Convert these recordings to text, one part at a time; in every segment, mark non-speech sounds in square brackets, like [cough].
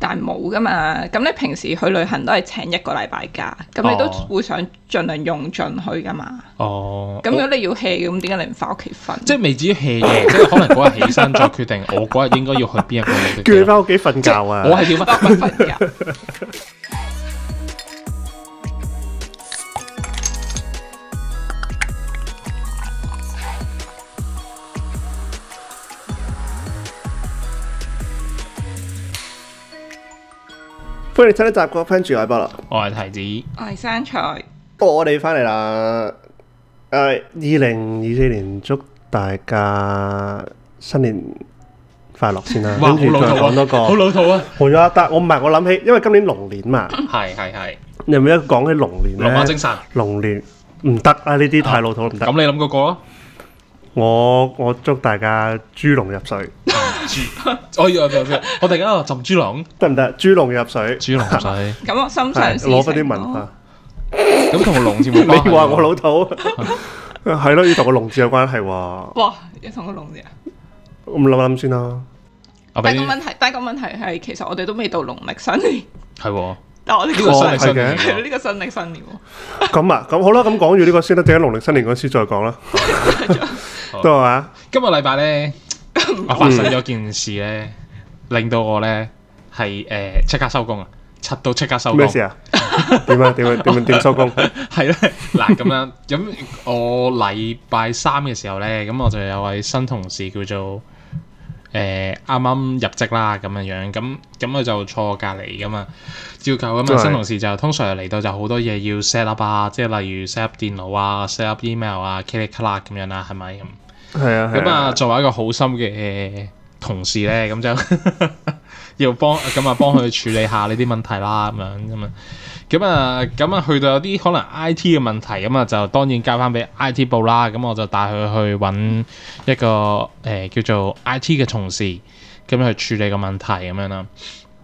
但冇噶嘛，咁你平時去旅行都係請一個禮拜假，咁你都會想盡量用盡去噶嘛哦。哦，咁如果你要 hea，咁點解你唔翻屋企瞓？即係未至於 hea， [laughs] 即係可能嗰日起身再決定， [laughs] 我嗰日應該要去邊一個目的地。叫你翻屋企瞓覺啊！ [laughs] 我係點啊？瞓覺。不如你睇一集《雜果 Punchy》啦！我係提子，我係生菜。哦、我哋翻嚟啦！誒、呃，二零二四年祝大家新年快樂先啦。哇先前 好老土啊！講多個好老土啊！好咗但係我唔係我諗起，因為今年龍年嘛，係係係。你咪一講起龍年，龍馬精神，龍年唔得啊！呢啲太老土唔得。咁、啊、你諗嗰個咯、啊？我我祝大家豬籠入水。 [laughs] 可以，我突然間話浸豬籠得唔得？豬籠入水，豬籠入水。咁我心想事成。攞翻啲文化。咁同個龍字冇關，你話我老土係咯？要同個龍字有關係喎。哇，要同個龍字啊！咁諗諗先啦。第一個問題，第一個問題係，其實我哋都未到農曆新年。係。但係我呢個新嘅，呢個新曆新年。咁啊，咁好啦，咁講住呢個先啦，等喺農曆新年嗰時再講啦。都係嘛？今日禮拜咧。我發生咗件事咧，令到我咧係誒即刻收工啊，七到即刻收工。咩事啊？點啊？ [laughs] 點啊？點收工？係咧，嗱咁， [laughs] [laughs] 樣咁我禮拜三嘅時候咧，咁我就有位新同事叫做誒啱啱入職啦，咁樣樣咁咁佢就坐我隔籬噶嘛，照舊咁啊，新同事就通常嚟到就好多嘢要 set up 啊，即係例如 set up 電腦啊，set up email 啊，k c 噼里啪啦咁樣啊，係咪咁？嗯係啊，咁啊、嗯，嗯、作為一個好心嘅誒同事咧，咁就 [laughs] [laughs] 要幫，咁啊幫佢處理下呢啲問題啦，咁樣咁啊，咁啊，咁啊去到有啲可能 IT 嘅問題，咁啊就當然交翻俾 IT 部啦，咁我就帶佢去揾一個誒、呃、叫做 IT 嘅同事，咁樣去處理個問題咁樣啦。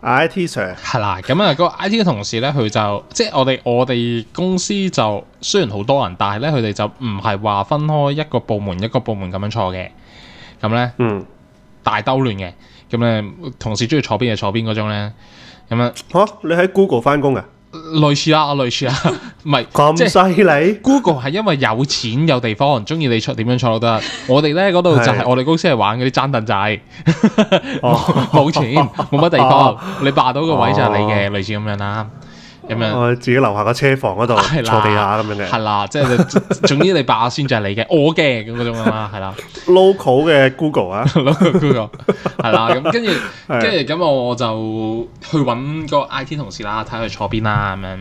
I.T. sir 係啦，咁啊，嗰個 I.T. 嘅同事咧，佢就即係我哋我哋公司就雖然好多人，但係咧佢哋就唔係話分開一個部門一個部門咁樣坐嘅，咁咧，嗯，大兜亂嘅，咁咧同事中意坐邊就坐邊嗰種咧，咁樣，吓、啊，你喺 Google 翻工啊？類似啦、啊，類似啦、啊，唔係咁犀利。Google 係因為有錢有地方，中意你出點樣坐都得。我哋咧嗰度就係我哋公司係玩嗰啲爭凳仔，冇錢冇乜地方，你霸到個位就係你嘅，類似咁樣啦。咁樣，我自己樓下個車房嗰度坐地下咁樣嘅，係啦，即係總之你八下先就係你嘅，我嘅咁嗰種啊，係啦，local 嘅 Google 啊，local Google 係啦，咁跟住，跟住咁我就去揾個 IT 同事啦，睇佢坐邊啦咁樣，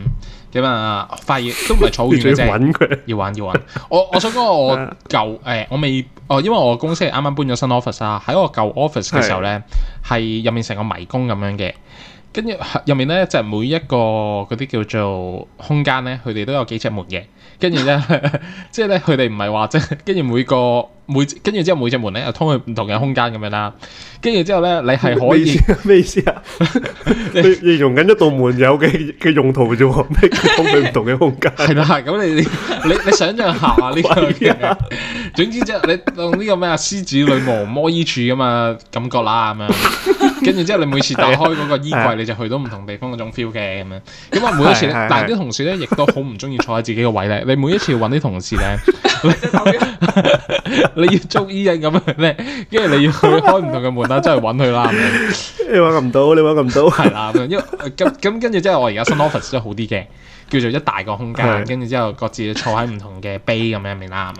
咁啊發現都唔係坐遠佢，要揾要揾，我我想講我舊誒，我未，哦，因為我公司係啱啱搬咗新 office 啊，喺我舊 office 嘅時候咧，係入面成個迷宮咁樣嘅。跟住入面咧，就係每一個嗰啲叫做空間咧，佢哋都有幾隻門嘅。跟住咧，即係咧，佢哋唔係話即係，跟住每個每跟住之後每隻門咧，又通去唔同嘅空間咁樣啦。跟住之後咧，你係可以咩意思啊？你你用緊一道門有嘅嘅用途啫喎，通去唔同嘅空間。係啦，係咁你你你想象下呢個。總之即係你用呢個咩啊，獅子女巫魔衣櫥咁啊感覺啦咁樣。跟住之後，你每次打開嗰個衣櫃，你就去到唔同地方嗰種 feel 嘅咁樣。咁啊，每一次， [laughs] 係係係但係啲同事咧，亦都好唔中意坐喺自己嘅位咧。你每一次要揾啲同事咧， [laughs] 你要捉伊人咁樣咧，跟住你要去開唔同嘅門啊，真係揾佢啦。你揾唔到，你揾唔到。係啦，咁、呃、咁跟住之後，我而家新 office 都好啲嘅，叫做一大個空間。是 跟住之、， [laughs] 那個、之後，各自坐喺唔同嘅 bay 咁樣面啦。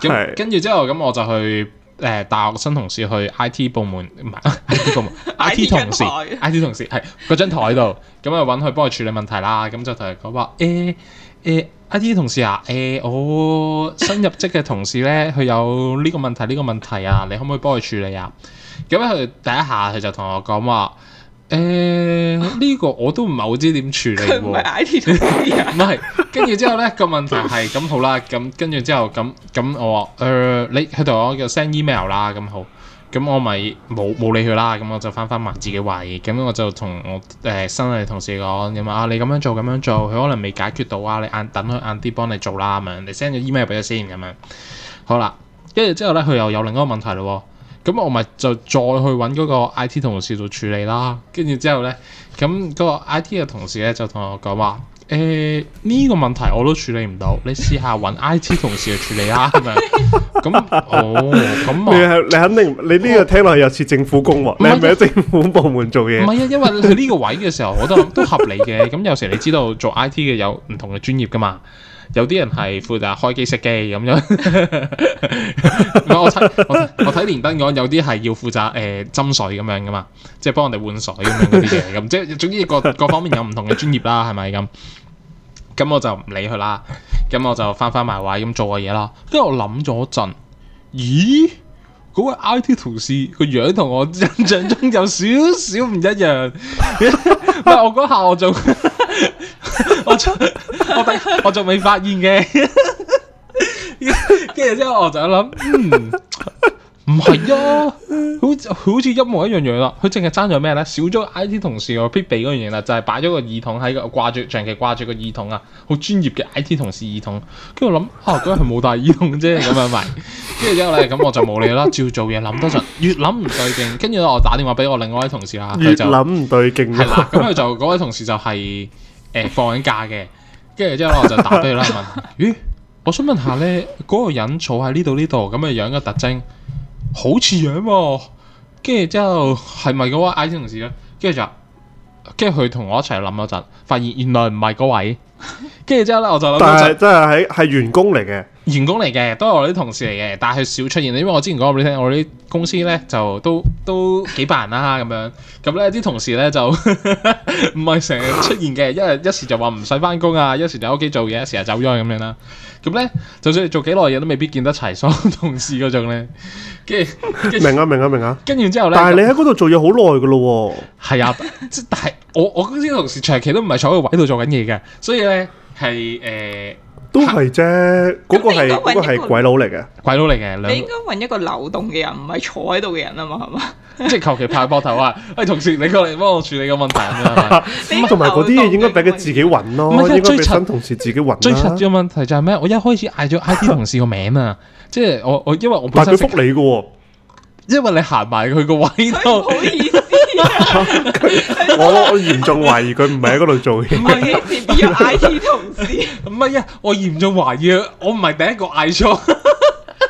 咁跟住之後，咁我就去。誒、呃、大學新同事去 I T 部門，唔係 I T 部門 [laughs] ，I T 同事 [laughs] ，I T 同事係嗰 [laughs] 張台度，咁啊搵佢幫佢處理問題啦，咁就同佢講話，誒、欸、誒、欸、I T 同事啊，誒、欸、我、哦、新入職嘅同事咧，佢有呢個問題呢、呢個問題啊，你可唔可以幫佢處理啊？咁咧佢第一下佢就同我講話。誒呢、欸這個我都唔係好知點處理喎，唔係、啊，跟住 [laughs] 之後咧個問題係咁好啦，咁跟住之後咁咁我話誒、呃、你喺度我叫 send email 啦，咁好，咁我咪冇冇理佢啦，咁我就翻翻自己嘅位，咁我就同我誒新嚟同事講，咁啊你咁樣做咁樣做，佢可能未解決到啊，你等佢晏啲幫你做啦咁樣，你 send 咗 email 俾佢先咁樣，好啦，跟住之後咧佢又有另一個問題嘞喎。咁我咪就再去揾嗰個 I T 同事做處理啦，跟住之後呢，咁嗰個 I T 嘅同事咧就同我講話：誒，呢個問題我都處理唔到，你試下揾 I T 同事去處理啦。咁 [laughs] 哦，咁你係你肯定你呢個聽落又似政府工喎，哦、你係咪喺政府部門做嘢？唔係啊，因為佢呢個位嘅時候，我都覺得 [laughs] 都合理嘅。咁有時你知道做 I T 嘅有唔同嘅專業噶嘛？有啲人係負責開機熄機咁樣， [laughs] [laughs] 我我睇連登講有啲係要負責誒斟、呃、水咁樣噶嘛，即係幫人哋換水咁樣嗰啲嘢，咁即係總之各各方面有唔同嘅專業啦，係咪咁？咁我就唔理佢啦，咁我就翻翻埋位咁做嘅嘢啦。跟住 [laughs] 我諗咗陣，咦，嗰位 I T 同事個樣同我印象中有少少唔一樣，唔 [laughs] 係 [laughs] 我嗰我仲。 [laughs] [laughs] 我仲我我仲未發現嘅，跟住之後我就諗，唔、嗯、係啊，好好似一模一樣樣啦。佢淨係爭咗咩咧？少咗 I T 同事必備嗰樣嘢啦，就係擺咗個耳筒喺個掛住長期掛住個耳筒啊，好專業嘅 I T 同事耳筒。跟住諗吓，嗰日冇戴耳筒啫，咁樣咪？跟住之後咧，咁我就冇理啦，照做嘢。諗多陣，越諗唔對勁。跟住我打電話俾我另外一位同事啊，佢就諗唔對勁係啦。咁佢就嗰位同事就係、是。誒、欸，放緊假嘅，跟住之後我就打俾佢啦，問，咦、 [laughs] 欸，我想問下咧，嗰，那個人坐喺呢度呢度咁嘅樣嘅特徵，好似樣啊嘛，是是，跟住之後係咪嗰位 IT 同事咧？跟住就跟住佢同我一齊諗咗陣，發現原來唔係嗰位，跟住之後咧我就諗，但係真係喺係員工嚟嘅。員工嚟嘅，都係我啲同事嚟嘅，但係佢少出現，因為我之前講俾你聽，我哋啲公司咧就都都幾百人啦、啊，咁樣。咁咧啲同事咧就唔係成日出現嘅，一日一時就話唔使翻工啊，一時就喺屋企做嘢，一時就走咗咁樣啦。咁咧就算你做幾耐嘢都未必見得齊所有同事嗰種咧。跟住明啊，明啊，明啊。跟住之後咧，但係你喺嗰度做嘢好耐噶咯。係啊，即但係我我公司同事長期都唔係坐喺度做緊嘢嘅，所以咧係誒。都係啫，嗰個係個係鬼佬嚟嘅，鬼佬嚟嘅。你應該揾一個流動嘅人，唔係坐喺度嘅人啊嘛，係嘛？即係求其拍膊頭啊！喂，同事你過嚟幫我處理個問題啊！你同埋嗰啲嘢應該俾佢自己揾咯。唔係最柒同事自己揾。最柒嘅問題就係咩？我一開始嗌咗 ID 同事個名啊，即係我我因為我本身佢覆你嘅，因為你行埋佢個位度。 [laughs] 我我嚴重懷疑佢唔係喺嗰度做嘢，唔係 IT 同事。唔係呀，我嚴重懷疑 [laughs] [laughs] 我唔係第一個嗌錯。 [laughs]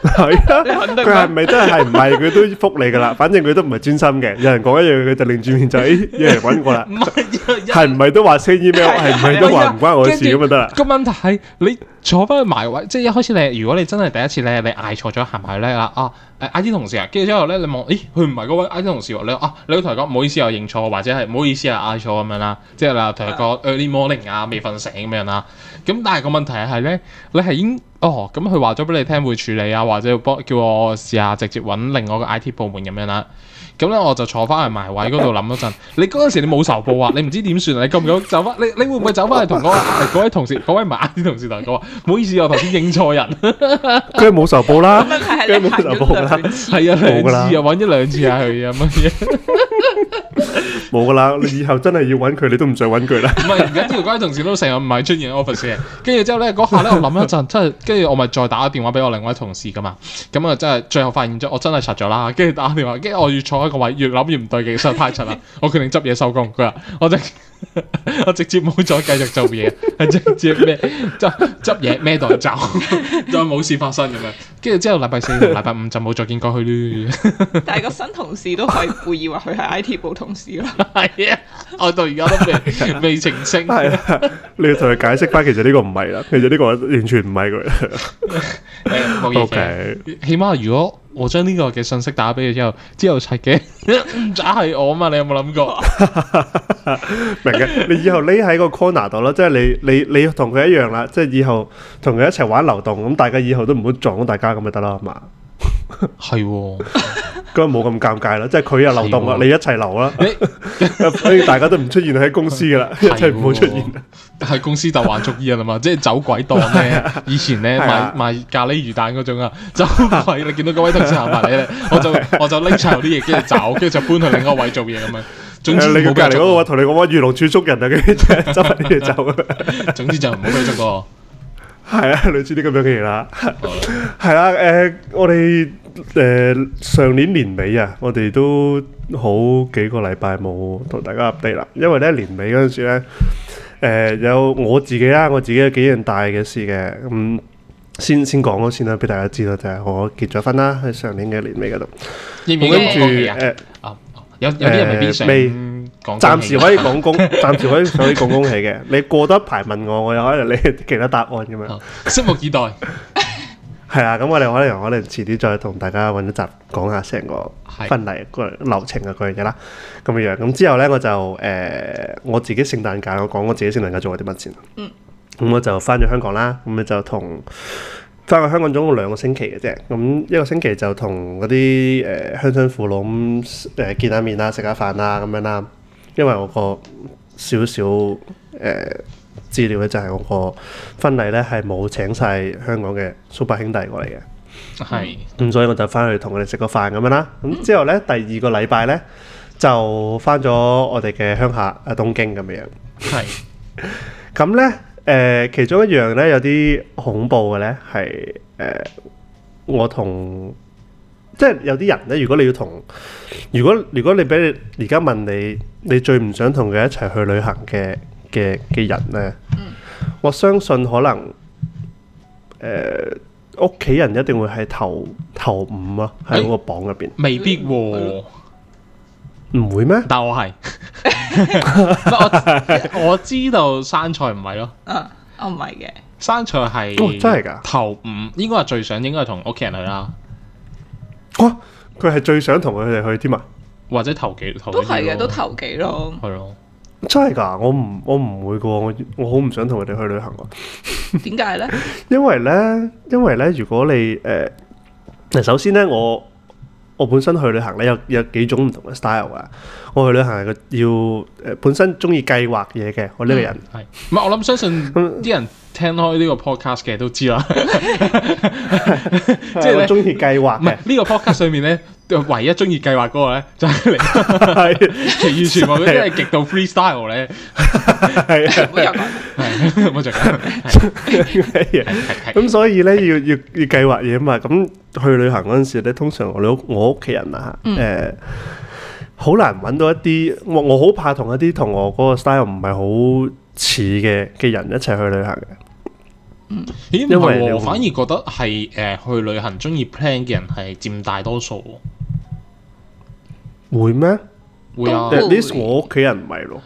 係啊，佢係咪真係唔係佢都覆你噶啦？反正佢都唔係專心嘅。有人講一樣，佢就擰轉面仔。有、哎、人搵過啦。唔係，唔係都話聲 email 咩？係唔係都話唔關我事咁啊？得啦。個問題係你坐翻去埋位，即係一開始你，如果你真係第一次咧，你嗌錯咗行埋咧啦啊！誒，I T 同事啊，跟住之後咧，你望，咦，佢唔係嗰位 I T 同事喎，你啊，你同佢講唔好意思我認錯，或者係唔好意思啊嗌錯咁樣啦，即係啦，同佢講 early morning 啊，未瞓醒咁樣啦。咁但係個問題係咧，你係應哦，咁佢話咗俾你聽會處理啊，或者要幫叫我試下直接揾另外個 IT 部門咁樣啦。咁咧我就坐翻去埋位嗰度諗一陣。你嗰陣時你冇仇報啊？你唔知點算啊？你咁樣走翻，你你會唔會走翻去同嗰位同事，嗰位唔係 IT 同事同佢話唔好意思，我頭先認錯人。佢冇仇報啦，佢冇 [laughs] 仇報啦，係 [laughs] 啊，兩次啊，揾一兩次啊，佢啊乜嘢？冇噶啦，你以後真係要揾佢，你都唔再揾佢啦。唔係而家呢條街同事都成日唔係出嘢 office，跟住之後咧嗰下咧我諗一陣，真係跟住我咪再打個電話俾我另外一位同事噶嘛，咁啊真係最後發現咗，我真係實咗啦。跟住打電話，跟住我越坐喺個位越諗越唔對勁，真係太出啦！我決定執嘢收工。佢話我真。 [laughs] 我直接冇再繼續做嘢，係 [laughs] 直接咩執執嘢孭袋走，再 [laughs] 冇事發生咁樣。跟住之後禮拜四同禮拜五就冇再見過佢咯。但係個新同事都可以誤 [laughs] 以為佢係 I T 部同事咯。係啊， [laughs] 我到而家都未 [laughs] 的未澄清。係的 [laughs] 你要同佢解釋返，其實呢個唔係啦，其實呢個完全唔係佢。冇意嘅。Okay. 起碼如果。我將呢個嘅信息打俾佢之後，之後柒嘅，唔 [laughs] 係我啊嘛？你有冇諗過？ [laughs] 明啊！你以後匿喺個 corner 度咯，即係你你你同佢一樣啦，即係以後同佢一齊玩流動，咁大家以後都唔好撞到大家咁咪得咯，係嘛？係，咁啊冇咁尷尬啦，即係佢又流動啊， [laughs] 你一齊留啦，所以 [laughs] 大家都唔出現喺公司噶啦，一齊唔會出現。喺 [laughs] 公司就玩捉依啦嘛，即係走鬼檔咩？以前咧賣賣咖喱魚蛋嗰種啊，走鬼你見到嗰位同事行埋你咧，我就我就拎晒我啲嘢跟住走，跟住就搬去另一個位做嘢咁樣。總之你個隔籬嗰個位同你個位遇龍串捉人啊，跟住執啲嘢走。總之就唔會捉我。係啊，類似啲咁樣嘅嘢啦。係 [laughs] 啦、啊，誒、呃，我哋誒、呃、上年年尾啊，我哋都好幾個禮拜冇同大家 update 啦。因為咧年尾嗰陣時咧，誒、呃、有我自己啦，我自己有幾樣大嘅事嘅，咁、嗯、先先講咗先啦，俾大家知道就係、是、我結咗婚啦。喺上年嘅年尾嗰度，跟住誒，有有啲人未……變暫時可以講恭，暫 [laughs] 時可以時可以講恭喜嘅。你過得排問我，我又可能你其他答案咁樣，拭目以待。係啊，咁我哋可能我哋遲啲再同大家揾一集講下成個婚禮個流程啊，各樣嘢啦，咁樣。咁之後咧，我就誒、呃，我自己聖誕假，我講我自己聖誕假做咗啲乜嘢。嗯。咁我就返咗香港啦，咁你就同返去香港總共兩個星期嘅啫。咁一個星期就同嗰啲誒鄉親父老咁誒見下面啦，食下飯啦，咁樣啦。嗯因為我個少少誒資料咧，就係我個婚禮咧係冇請晒香港嘅蘇伯兄弟過嚟嘅，係咁是、嗯、所以我就翻去同佢哋食個飯咁樣啦。咁、嗯、之後咧，第二個禮拜咧就翻咗我哋嘅鄉下誒東京咁樣，係咁咧誒，其中一樣咧有啲恐怖嘅咧係誒我同。即係有啲人咧，如果你要同，如果如果你俾你而家問你，你最唔想同佢一齊去旅行嘅嘅嘅人咧，嗯、我相信可能誒，屋、呃、企人一定會係頭頭五啊喺嗰個榜入邊。欸、未必喎、啊，唔會咩？但我係， [laughs] [laughs] [laughs] 我知道生菜唔係咯。嗯唔係嘅生菜係、哦、真係㗎頭五，應該係最想應該係同屋企人去啦。哇！佢係、哦、最想同佢哋去添啊，或者投機都係嘅，都投機咯，係咯了，真係噶！我唔我唔會噶，我我，我好唔想同佢哋去旅行啊。點解咧？因為咧，因為咧，如果你誒、呃，首先咧，我我本身去旅行咧有有幾種唔同嘅 style 啊。我去旅行係個要誒、呃，本身中意計劃嘢嘅，我呢個人係。唔係、嗯、我諗相信啲、嗯、人，人。聽開呢個 podcast 嘅都知啦，即係中意計劃。唔係呢個 podcast 上面咧，唯一中意計劃嗰個咧，就係你，完全佢真係極度 freestyle 咧。係啊，我就咁，所以咧，要要要計劃嘢嘛。咁去旅行嗰陣時咧，通常我屋我屋企人啊，誒，好難揾到一啲。我我好怕同一啲同我嗰個 style 唔係好。似嘅嘅人一齊去旅行嘅，嗯、因為我反而覺得係誒去旅行中意 plan 嘅人係佔大多數。會咩嗎？會啊，會至少我屋企人唔係咯。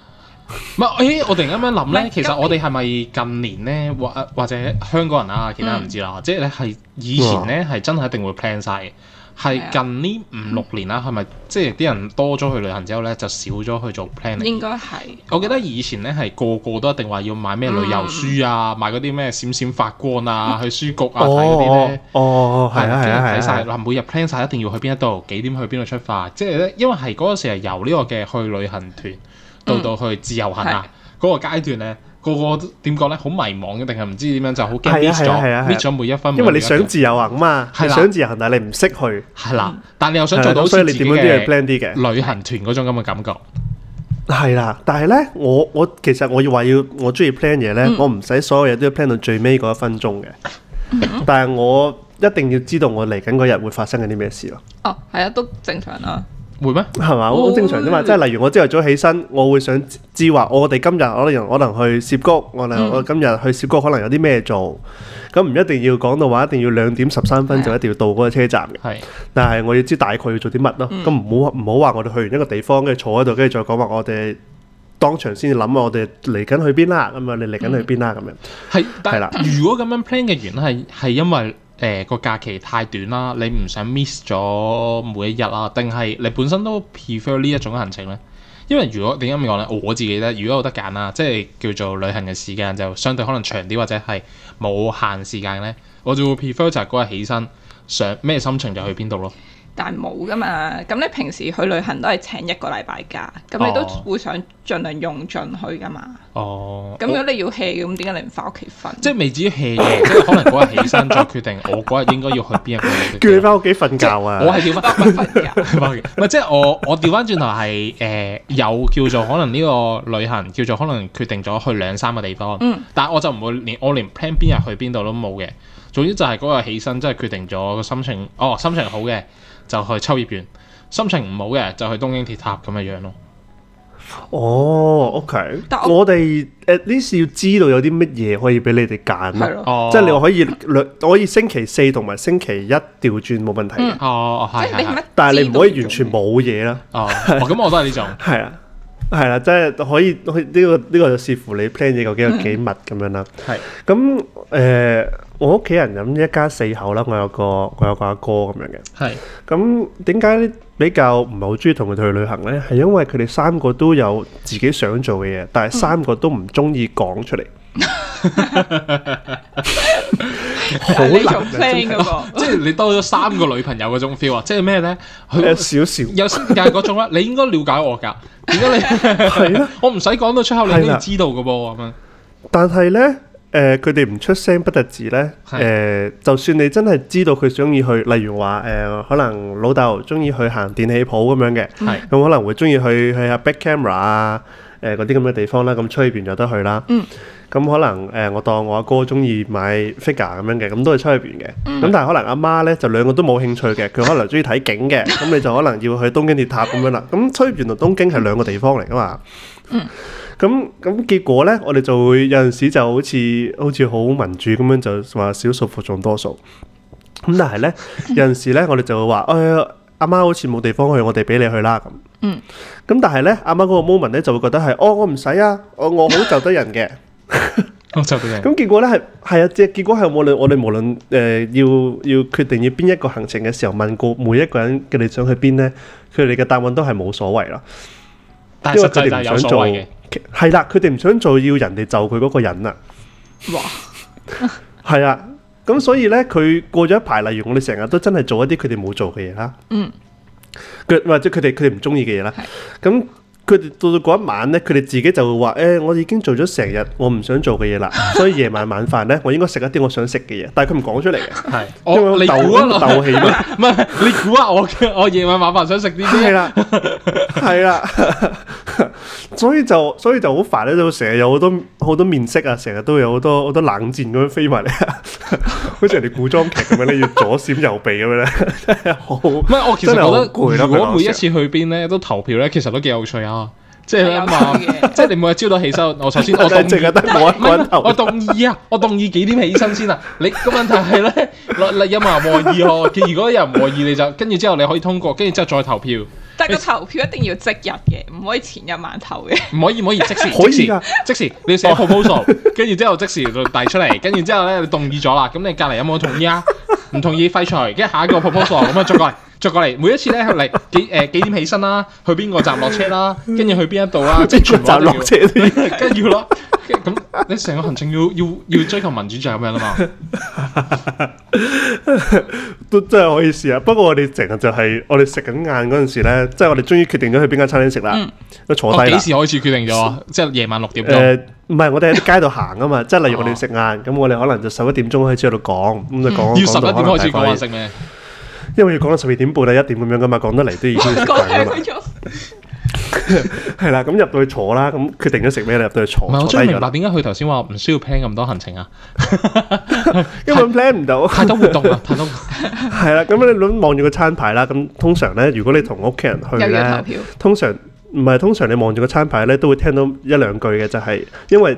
唔係，咦？我突然間咁樣諗咧， [laughs] 其實我哋係咪近年咧，或或者香港人啊，其他唔知啦，嗯、即係你係以前咧係真係一定會 plan 晒嘅。係近呢五六年啦，係咪即係啲人多咗去旅行之後咧，就少咗去做 planning？應該係。我記得以前咧係個個都一定話要買咩旅遊書啊，買嗰啲咩閃閃發光啊，去書局啊睇嗰啲咧。哦，係啊，係係。睇晒，每日 plan 晒，一定要去邊一度，幾點去邊度出發。即係咧，因為係嗰陣時係由呢個嘅去旅行團到到去自由行啊嗰個階段咧。個個點講咧，好迷茫嘅，定係唔知點樣，就好驚搣咗，搣咗每一分，因為你想自由行啊，咁嘛，想自由行，但係你唔識去，係啦，但係你又想做到，所以你點樣都要 plan 啲嘅，旅行團嗰種咁嘅感覺，係啦，但係咧，我我其實我要話要我中意 plan 嘢咧，我唔使所有嘢都要 plan 到最尾嗰一分鐘嘅，但係我一定要知道我嚟緊嗰日會發生緊啲咩事咯。哦，係啊，都正常啊。會咩？係嘛，好正常啫嘛。即係例如，我朝頭早起身，我會想知話，我哋今日可能可能去涉谷，我哋我今日去涉谷可能有啲咩做。咁唔一定要講到話，一定要兩點十三分就一定要到嗰個車站。係，但係我要知大概要做啲乜咯。咁唔好唔好話我哋去完一個地方跟住坐喺度，跟住再講話我哋當場先至諗我哋嚟緊去邊啦。咁啊，你嚟緊去邊啦咁樣。係，係啦。如果咁樣 plan 嘅原因係係因為。誒個假期太短啦，你唔想 miss 咗每一日啊？定係你本身都 prefer 呢一種行程呢？因為如果點解咁講呢？我自己呢，如果我得揀啦、啊，即係叫做旅行嘅時間就相對可能長啲或者係冇限時間呢，我就會 prefer 就係嗰日起身想咩心情就去邊度咯。但冇噶嘛？咁你平時去旅行都係請一個禮拜假，咁你都會想盡量用盡去噶嘛？哦。咁如果你要 hea，咁點解你唔翻屋企瞓？即係未至於 hea， [laughs] 即係可能嗰日起身再決定，我嗰日應該要去邊一個地方， [laughs] 叫你翻屋企瞓覺啊？我係叫翻瞓覺？唔係，即係我我調翻轉頭係誒有叫做可能呢個旅行叫做可能決定咗去兩三個地方，嗯，但係我就唔會連我連 plan 邊日去邊度都冇嘅。總之就係嗰日起身真係決定咗個心情，哦，心情好嘅。就去秋葉園，心情唔好嘅就去東京鐵塔咁嘅樣咯。哦、oh，OK，但我哋 at least 要知道有啲乜嘢可以俾你哋揀的、哦、即係你可以兩可以星期四同埋星期一調轉冇問題。哦，即係你但係你唔可以完全冇嘢啦。哦，咁我都係呢種。係啊。 [laughs] 係啦，即係可以去呢個呢個就視乎你 plan 嘢究竟有幾密咁 [laughs] 是的 樣啦。係咁誒，我屋企人咁一家四口啦，我有個我有個阿哥咁樣嘅。係咁點解比較唔係好中意同佢哋去旅行咧？係因為佢哋三個都有自己想做嘅嘢，但係三個都唔中意講出嚟。嗯好有 friend 㗎，即係你多咗三個女朋友嗰種 feel 啊！即係咩咧？有少少 [music] 有先界嗰種啦。你應該了解我噶，點解你係咯， [laughs] 啊、我唔使講到出口，你已知道噶噃咁啊！但係呢，誒、呃，佢哋唔出聲不特止呢，誒、呃，就算你真係知道佢中意去，例如話誒、呃，可能老豆中意去行電器鋪咁樣嘅，係的，佢可能會中意去去吓 Bic Camera 啊，誒、呃，嗰啲咁嘅地方啦，咁出便就得去啦，嗯。咁可能誒，我當我阿哥中意買 figure 咁樣嘅，咁都係出去邊嘅。咁但係可能阿媽咧，就兩個都冇興趣嘅。佢可能中意睇景嘅，咁你就可能要去東京鐵塔咁樣啦。咁所以原來東京係兩個地方嚟㗎嘛。嗯。咁咁結果咧，我哋就會有陣時就好似好似好民主咁樣，就話少數服從多數。咁但係咧，有陣時咧，我哋就會話誒，阿媽好似冇地方去，我哋俾你去啦咁。嗯。咁但係咧，阿媽嗰個 moment 咧就會覺得係哦，我唔使啊，我我好就得人嘅。咁 [laughs] 結果咧係，係啊，即係結果係我哋我哋無論，誒，要要決定要邊一個行程嘅時候，問過每一個人佢哋想去邊咧，佢哋嘅答案都係冇所謂啦。因為佢哋唔想做，係啦，佢哋唔想做要人哋就佢嗰個人啊。哇，係 [laughs] 啊，咁所以咧，佢過咗一排，例如我哋成日都真係做一啲佢哋冇做嘅嘢啦。嗯，佢或者佢哋佢哋唔中意嘅嘢啦，咁的。佢哋到到嗰一晚咧，佢哋自己就會話，誒、欸，我已經做咗成日我唔想做嘅嘢啦， [laughs] 所以夜晚晚飯咧，我應該食一啲我想食嘅嘢。但係佢唔講出嚟嘅，係 [laughs] 我，因為我你估啊，鬥 [laughs] 氣咩 [laughs] 唔係，你估下我我夜晚晚飯想食啲啲嘢啦，係啦。 [laughs] 所以就所以就好煩咧，都成日有好多好多面色啊，成日都有好多好多冷戰咁樣飛埋嚟啊， [laughs] 好似人哋古裝劇咁樣咧， [laughs] 要左閃右避咁樣咧，好 [laughs] 很。唔係我其實覺得， [laughs] 如果每一次去邊咧都投票咧，其實都幾有趣啊，即係一晚， [laughs] 即係你每日朝早起身。我首先 [laughs] 我冇一動議，我動議啊，我動議幾點起身先啊？你個問題係咧，嗱嗱有冇人和議呵， [laughs] 如果有人和議，你就跟住之後你可以通過，跟住之後再投票。但個投票一定要即日嘅，唔可以前日晚投嘅。唔可以唔可以即時？可以，即時你要寫 proposal，跟住之後即時就遞出嚟，跟住之後咧你動議咗啦。咁你隔離有冇同意啊？唔同意廢除，跟住下一個 proposal，咁啊著過嚟，著過嚟。每一次咧嚟幾誒、呃、幾點起身啦？去邊個站落車啦？跟住去邊一度啦？即係全站落車都跟住咯。 [laughs] 了 [laughs] 咁 [laughs] 你成個行程要要要追求民主就係咁樣啦嘛， [laughs] 都真係可以試下。不過我哋成日就係我哋食緊晏嗰陣時咧，即、就、係、是、我哋終於決定咗去邊間餐廳食啦。嗯，坐低幾、哦、時開始決定咗？十即係夜晚六點誒，唔係、呃，我哋喺啲街度行啊嘛。即係例如我哋食晏，咁 [laughs] 我哋可能就十一點鐘開始喺度講，咁就講、嗯、要十一點開始講啊食咩？因為要講到十二點半定一點咁樣噶嘛，講得嚟啲，講得嚟都已經要食飯啊嘛。係啦，咁入到去坐啦，咁決定咗食咩？你入到去坐。唔係是，我最明白點解佢頭先話唔需要 plan 咁多行程啊？ [laughs] [laughs] 因為 plan 唔到太，太多活動啊，太多活動。係 [laughs] 啦， [laughs] 咁你諗望住個餐牌啦，咁通常咧，如果你同屋企人去咧，通常唔係通常你望住個餐牌咧，都會聽到一兩句嘅，就係、是、因為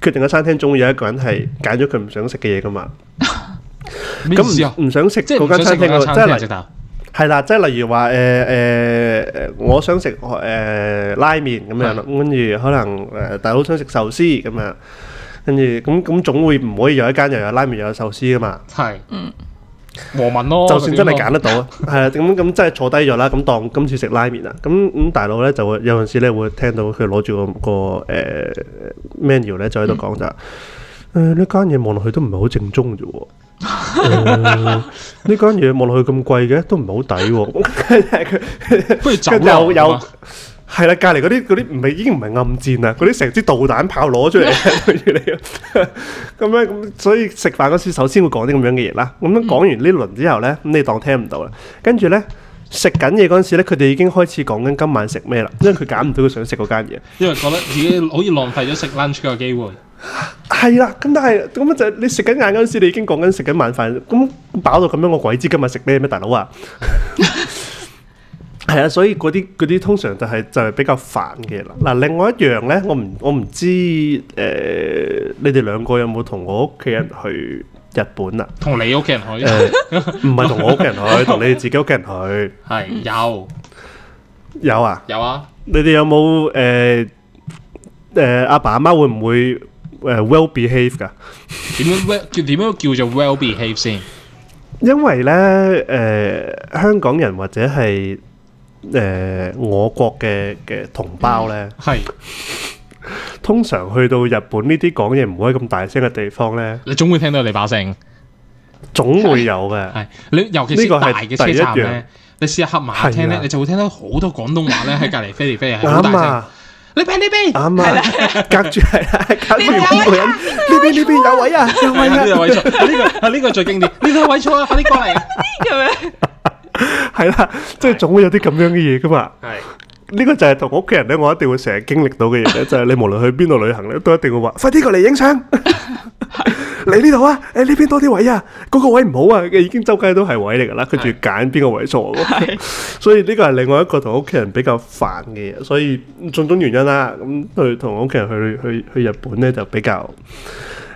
決定個餐廳中有一個人係揀咗佢唔想食嘅嘢噶嘛。咁唔、 [laughs] 啊、想食即係間餐廳嘅餐係啦，即係例如話誒誒，我想食誒拉麵咁樣咯，跟住可能誒大佬想食壽司咁樣，跟住咁咁總會唔可以有一間又有拉麵又有壽司噶嘛？係，嗯，和民咯，就算真係揀得到，係啦，咁咁真係坐低咗啦，咁當今次食拉麵啊，咁咁大佬咧就會有陣時咧會聽到佢攞住個個誒 menu 咧就喺度講就。誒，呢間嘢望落去都唔係好正宗嘅啫。呢間嘢望落去咁貴嘅，都唔係好抵。跟住又又係啦，隔籬嗰啲啲唔係已經唔係暗箭啦，嗰啲成支導彈炮攞出嚟。咁樣咁， [laughs] 所以食飯嗰時，首先會講啲咁樣嘅嘢啦。咁樣講完呢輪之後咧，咁你當聽唔到啦。跟住咧食緊嘢嗰陣時咧，佢哋已經開始講緊今晚食咩啦。因為佢揀唔到佢想食嗰間嘢，因為覺得自己好似浪費咗食 lunch 嘅機會。係啦，咁但係咁就你食緊晏嗰時，你已經講緊食緊晚飯，咁飽到咁樣我鬼知今日食咩咩大佬啊？係啊，所以嗰啲嗰啲通常就係就係比較煩嘅啦。嗱，另外一樣咧，我唔我唔知誒，你哋兩個有冇同我屋企人去日本啊？同你屋企人去？唔係同我屋企人去，同你哋自己屋企人去。係？有有啊？有啊？你哋有冇誒誒阿爸阿媽會唔會？誒 well-behaved 噶，點樣叫點樣叫做 well-behaved 先？因為咧，誒香港人或者係誒我國嘅嘅同胞咧，係通常去到日本呢啲講嘢唔可以咁大聲嘅地方咧，你總會聽到你把聲，總會有嘅。係，你尤其是大嘅車站咧，呢個係第一樣，你試下黑馬聽咧，你就會聽到好多廣東話咧喺隔離飛嚟飛去，好大聲。你邊呢邊啱啊，隔住係隔住邊個人，呢邊呢邊有位啊，呢位呢位呢個呢個最經典，呢位位坐啊，快啲過嚟，咁樣係啦，即係總會有啲咁樣嘅嘢噶嘛，係呢個就係同屋企人咧，我一定會成日經歷到嘅嘢咧，就係你無論去邊度旅行咧，都一定會話，快啲過嚟影相。嚟呢度啊！誒、欸，呢邊多啲位啊，嗰、那個位唔好啊，已經周街都係位嚟噶啦，跟住揀邊個位坐。是 [laughs] 所以呢個係另外一個同屋企人比較煩嘅嘢，所以種種原因啦、啊，咁去同屋企人去去去，去日本咧就比較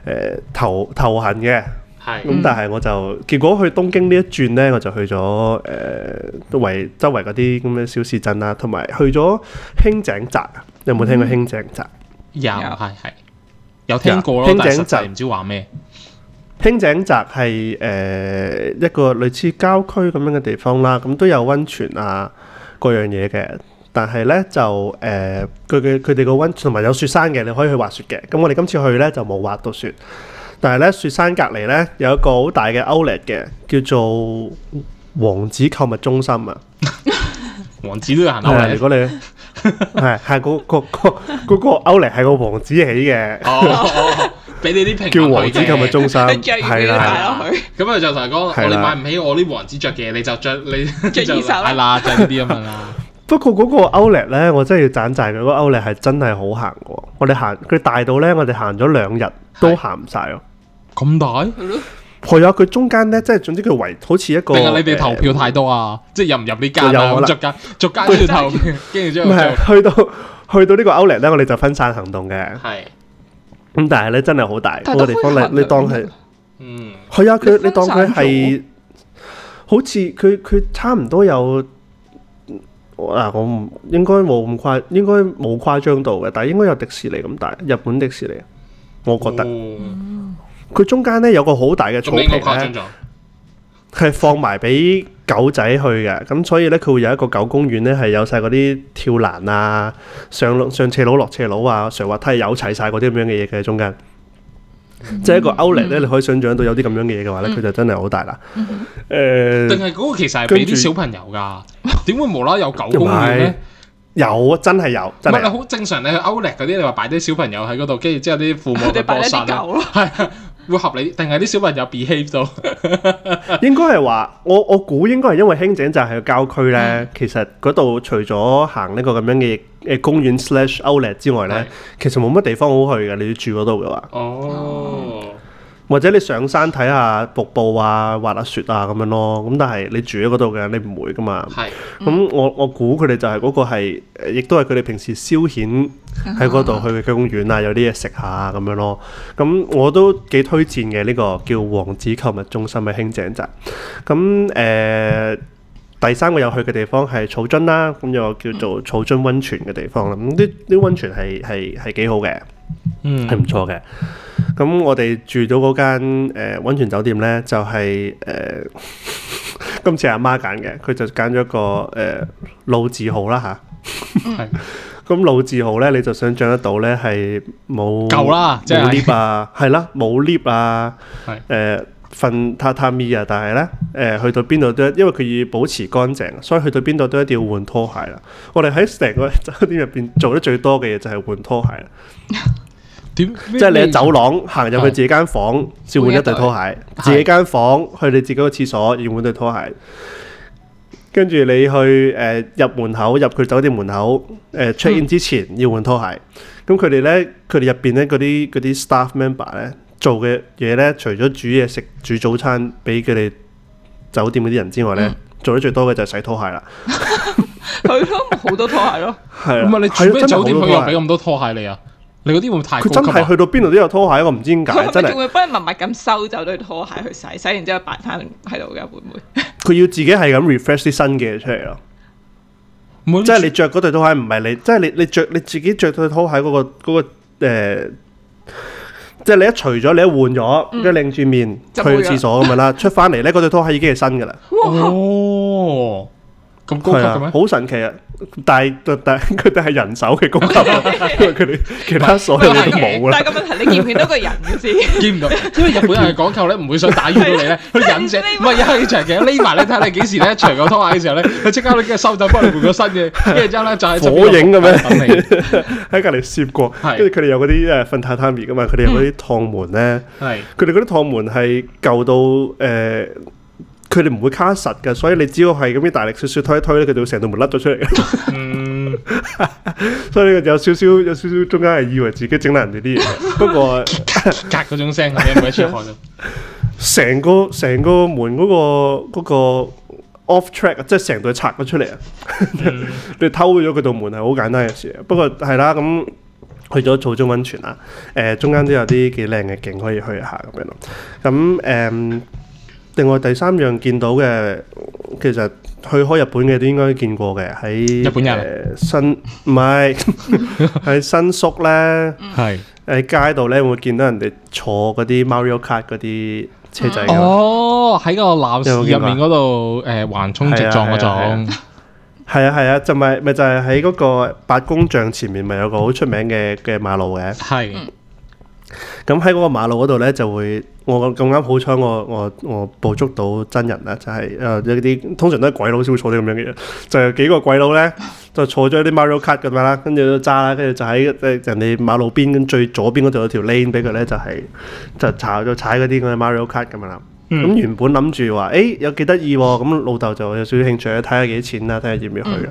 誒頭頭痕嘅。係、呃，咁是、嗯嗯、但係我就結果去東京一轉呢一轉咧，我就去咗誒圍周圍嗰啲咁嘅小市鎮啦，同埋去咗輕井澤。有冇聽過輕井澤？嗯、有，係係是。有聽過咯，輕井澤唔知話咩？輕井澤係誒一個類似郊區咁樣嘅地方啦，咁都有溫泉啊，各樣嘢嘅。但係呢，就誒佢佢哋個溫泉同埋有，有雪山嘅，你可以去滑雪嘅。咁我哋今次去呢，就冇滑到雪，但係呢，雪山隔離呢，有一個好大嘅 Outlet 嘅，叫做王子購物中心啊。 [laughs] 王子都要行路嚟嗰嚟。嗯，如果你係係嗰嗰嗰個歐力係個王子起嘅，好俾， [laughs] 你啲評論。叫王子購物中心，係啊， [laughs] 咁啊 [laughs] 就同你講啦，你的買唔起我啲王子着嘅，你就着你着二手啦。係啦，着呢啲啊嘛。 [laughs] [laughs] 不過嗰個歐力咧，我真係要讚讚佢。嗰個歐力係真係好行嘅，我哋行佢大到咧，我哋行咗兩日都行唔晒咯。咁大係咯。 [laughs] 係啊，佢、嗯、中間咧，即係總之佢圍好似一個。定係你哋投票太多啊，嗯、即係入唔入呢間啊？有逐間逐間去投票，跟住之係，去到去到個呢個 outlet 咧，我哋就分散行動嘅。係。咁但係咧，真係好大個地方，你你當佢，嗯，係啊，佢你當佢係，好似佢佢差唔多有嗱，我唔應該冇咁誇，應該冇誇張到嘅，但係應該有迪士尼咁大，日本迪士尼，我覺得。嗯佢中間咧有個好大嘅草坡咧，係放埋俾狗仔去嘅，咁所以咧佢會有一個狗公園咧，係有晒嗰啲跳欄啊、上上斜路、落斜路啊、垂滑梯，有齊晒嗰啲咁樣嘅嘢嘅。中間即係一個歐力咧，你可以想象到有啲咁樣嘅嘢嘅話咧，佢就真係好大啦。誒、呃，定係嗰個其實係俾啲小朋友噶？點會無啦有狗公園咧？有，真係有，唔係好正常。你去歐力嗰啲，你話擺啲小朋友喺嗰度，跟住之後啲父母去幫手，係。 [laughs] [laughs] 會合理，定係啲小朋友 behave 到？ [laughs] 應該係話，我我估應該係因為興井站係個郊區咧。嗯、其實嗰度除咗行呢個咁樣嘅誒公園 slash outlet 之外咧，是其實冇乜地方好去嘅。你要住嗰度嘅話，哦。或者你上山睇下瀑布啊、滑下雪啊咁樣咯，咁但係你住喺嗰度嘅，你唔會噶嘛。係咁是、嗯嗯，我我估佢哋就係嗰個係，亦都係佢哋平時消遣喺嗰度去嘅公園啊，有啲嘢食下咁樣咯。咁、嗯、我都幾推薦嘅呢個叫王子購物中心嘅興井宅。咁、嗯、誒、呃，第三個有去嘅地方係草津啦，咁又叫做草津溫泉嘅地方啦。咁啲啲溫泉係係係幾好嘅。嗯，係唔錯嘅。咁我哋住咗嗰間誒温泉酒店呢，就係、是、誒、呃、今次阿媽揀嘅，佢就揀咗個誒、呃、老字號啦吓。係，咁老字號呢，你就想象得到呢係冇舊啦，即係 lift 啊，係啦是，冇 lift 啊，誒瞓榻榻米啊，但係呢，誒、呃、去到邊度都，因為佢要保持乾淨，所以去到邊度都一定要換拖鞋啦。我哋喺成個酒店入邊做得最多嘅嘢就係換拖鞋啦。 [laughs] 即係你喺走廊行入去自己間房，先換一對拖鞋；自己間房去你自己個廁所要換對拖鞋。跟住你去誒入門口入佢酒店門口誒 check in 之前要換拖鞋。咁佢哋咧，佢哋入邊咧嗰啲啲 staff member 咧做嘅嘢咧，除咗煮嘢食、煮早餐俾佢哋酒店嗰啲人之外咧，做得最多嘅就係洗拖鞋啦。係咯，好多拖鞋咯。係啊。唔係你住咩酒店，佢又俾咁多拖鞋你啊？你嗰啲會唔會太高級？佢真係去到邊度都有拖鞋，啊，我唔知點解真係。佢仲會幫你默默咁收走對拖鞋去洗，洗完之後擺翻喺度嘅會唔會？佢要自己係咁 refresh 啲新嘅出嚟咯，即係是你着嗰對拖鞋唔係你，即、就、係、是、你你著你自己着對拖鞋嗰、那個嗰即係你一除咗你一換咗，跟住擰住面、嗯、去廁所咁樣啦，出翻嚟咧嗰對拖鞋已經係新噶啦。哇 哦，咁高級嘅咩？好神奇啊！但係，但但佢哋係人手嘅工作，佢哋其他所有嘢都冇啦。但係個問題，你見唔見到個人先？見唔到，因為日本人嘅講究咧，唔會想打擾到你咧，佢忍者唔係又可以長期匿埋咧，睇下你幾時咧除個拖鞋嘅時候咧，佢即刻收走幫你換個新嘅，跟住之後咧就係火影咁樣喺隔籬攝過，跟住佢哋有嗰啲誒瞓榻榻米噶嘛，佢哋有嗰啲趟門咧，係佢哋嗰啲趟門係舊到誒。佢哋唔會卡實嘅，所以你只要係咁樣大力少少推一推咧，佢就會成道門甩咗出嚟。嗯， [laughs] 所以呢個有少少有少少中間係以為自己整爛人哋啲嘢。 [laughs] 不過隔嗰種聲你咪喺出汗啊？成 [laughs] 個成個門嗰、嗰個、嗰個 off track，即係成對拆咗出嚟啊！嗯、 [laughs] 你偷咗佢道門係好簡單嘅事，不過係啦，咁去咗草津溫泉啦。誒、呃，中間都有啲幾靚嘅景可以去一下咁樣咯。咁誒。嗯另外第三樣見到嘅，其實去開日本嘅都應該見過嘅，喺日本人、呃、新唔係喺新宿咧，喺是街度咧會見到人哋坐嗰啲 Mario Kart 嗰啲車仔哦，喺個鬧市入面嗰度誒橫衝直撞嗰種，係啊係啊，啊，啊， [laughs] 啊，啊，就咪咪就係喺嗰個八公像前面咪有個好出名嘅嘅馬路嘅，係。咁喺嗰個馬路嗰度咧，就會我咁啱好彩，我我我,我捕捉到真人啦，就係、是、誒、呃、有啲通常都係鬼佬先會坐啲咁樣嘅嘢，就係、是、幾個鬼佬咧就坐咗啲 Mario Kart 咁樣啦，跟住都揸啦，跟住就喺即人哋馬路邊最左邊嗰度有條 lane 俾佢咧，就係、是、就查咗踩嗰啲咁嘅 Mario Kart 咁樣啦。咁、嗯、原本諗住話誒有幾得意咁，老豆就有少少興趣睇下幾多錢啦，睇下要唔要去嘅，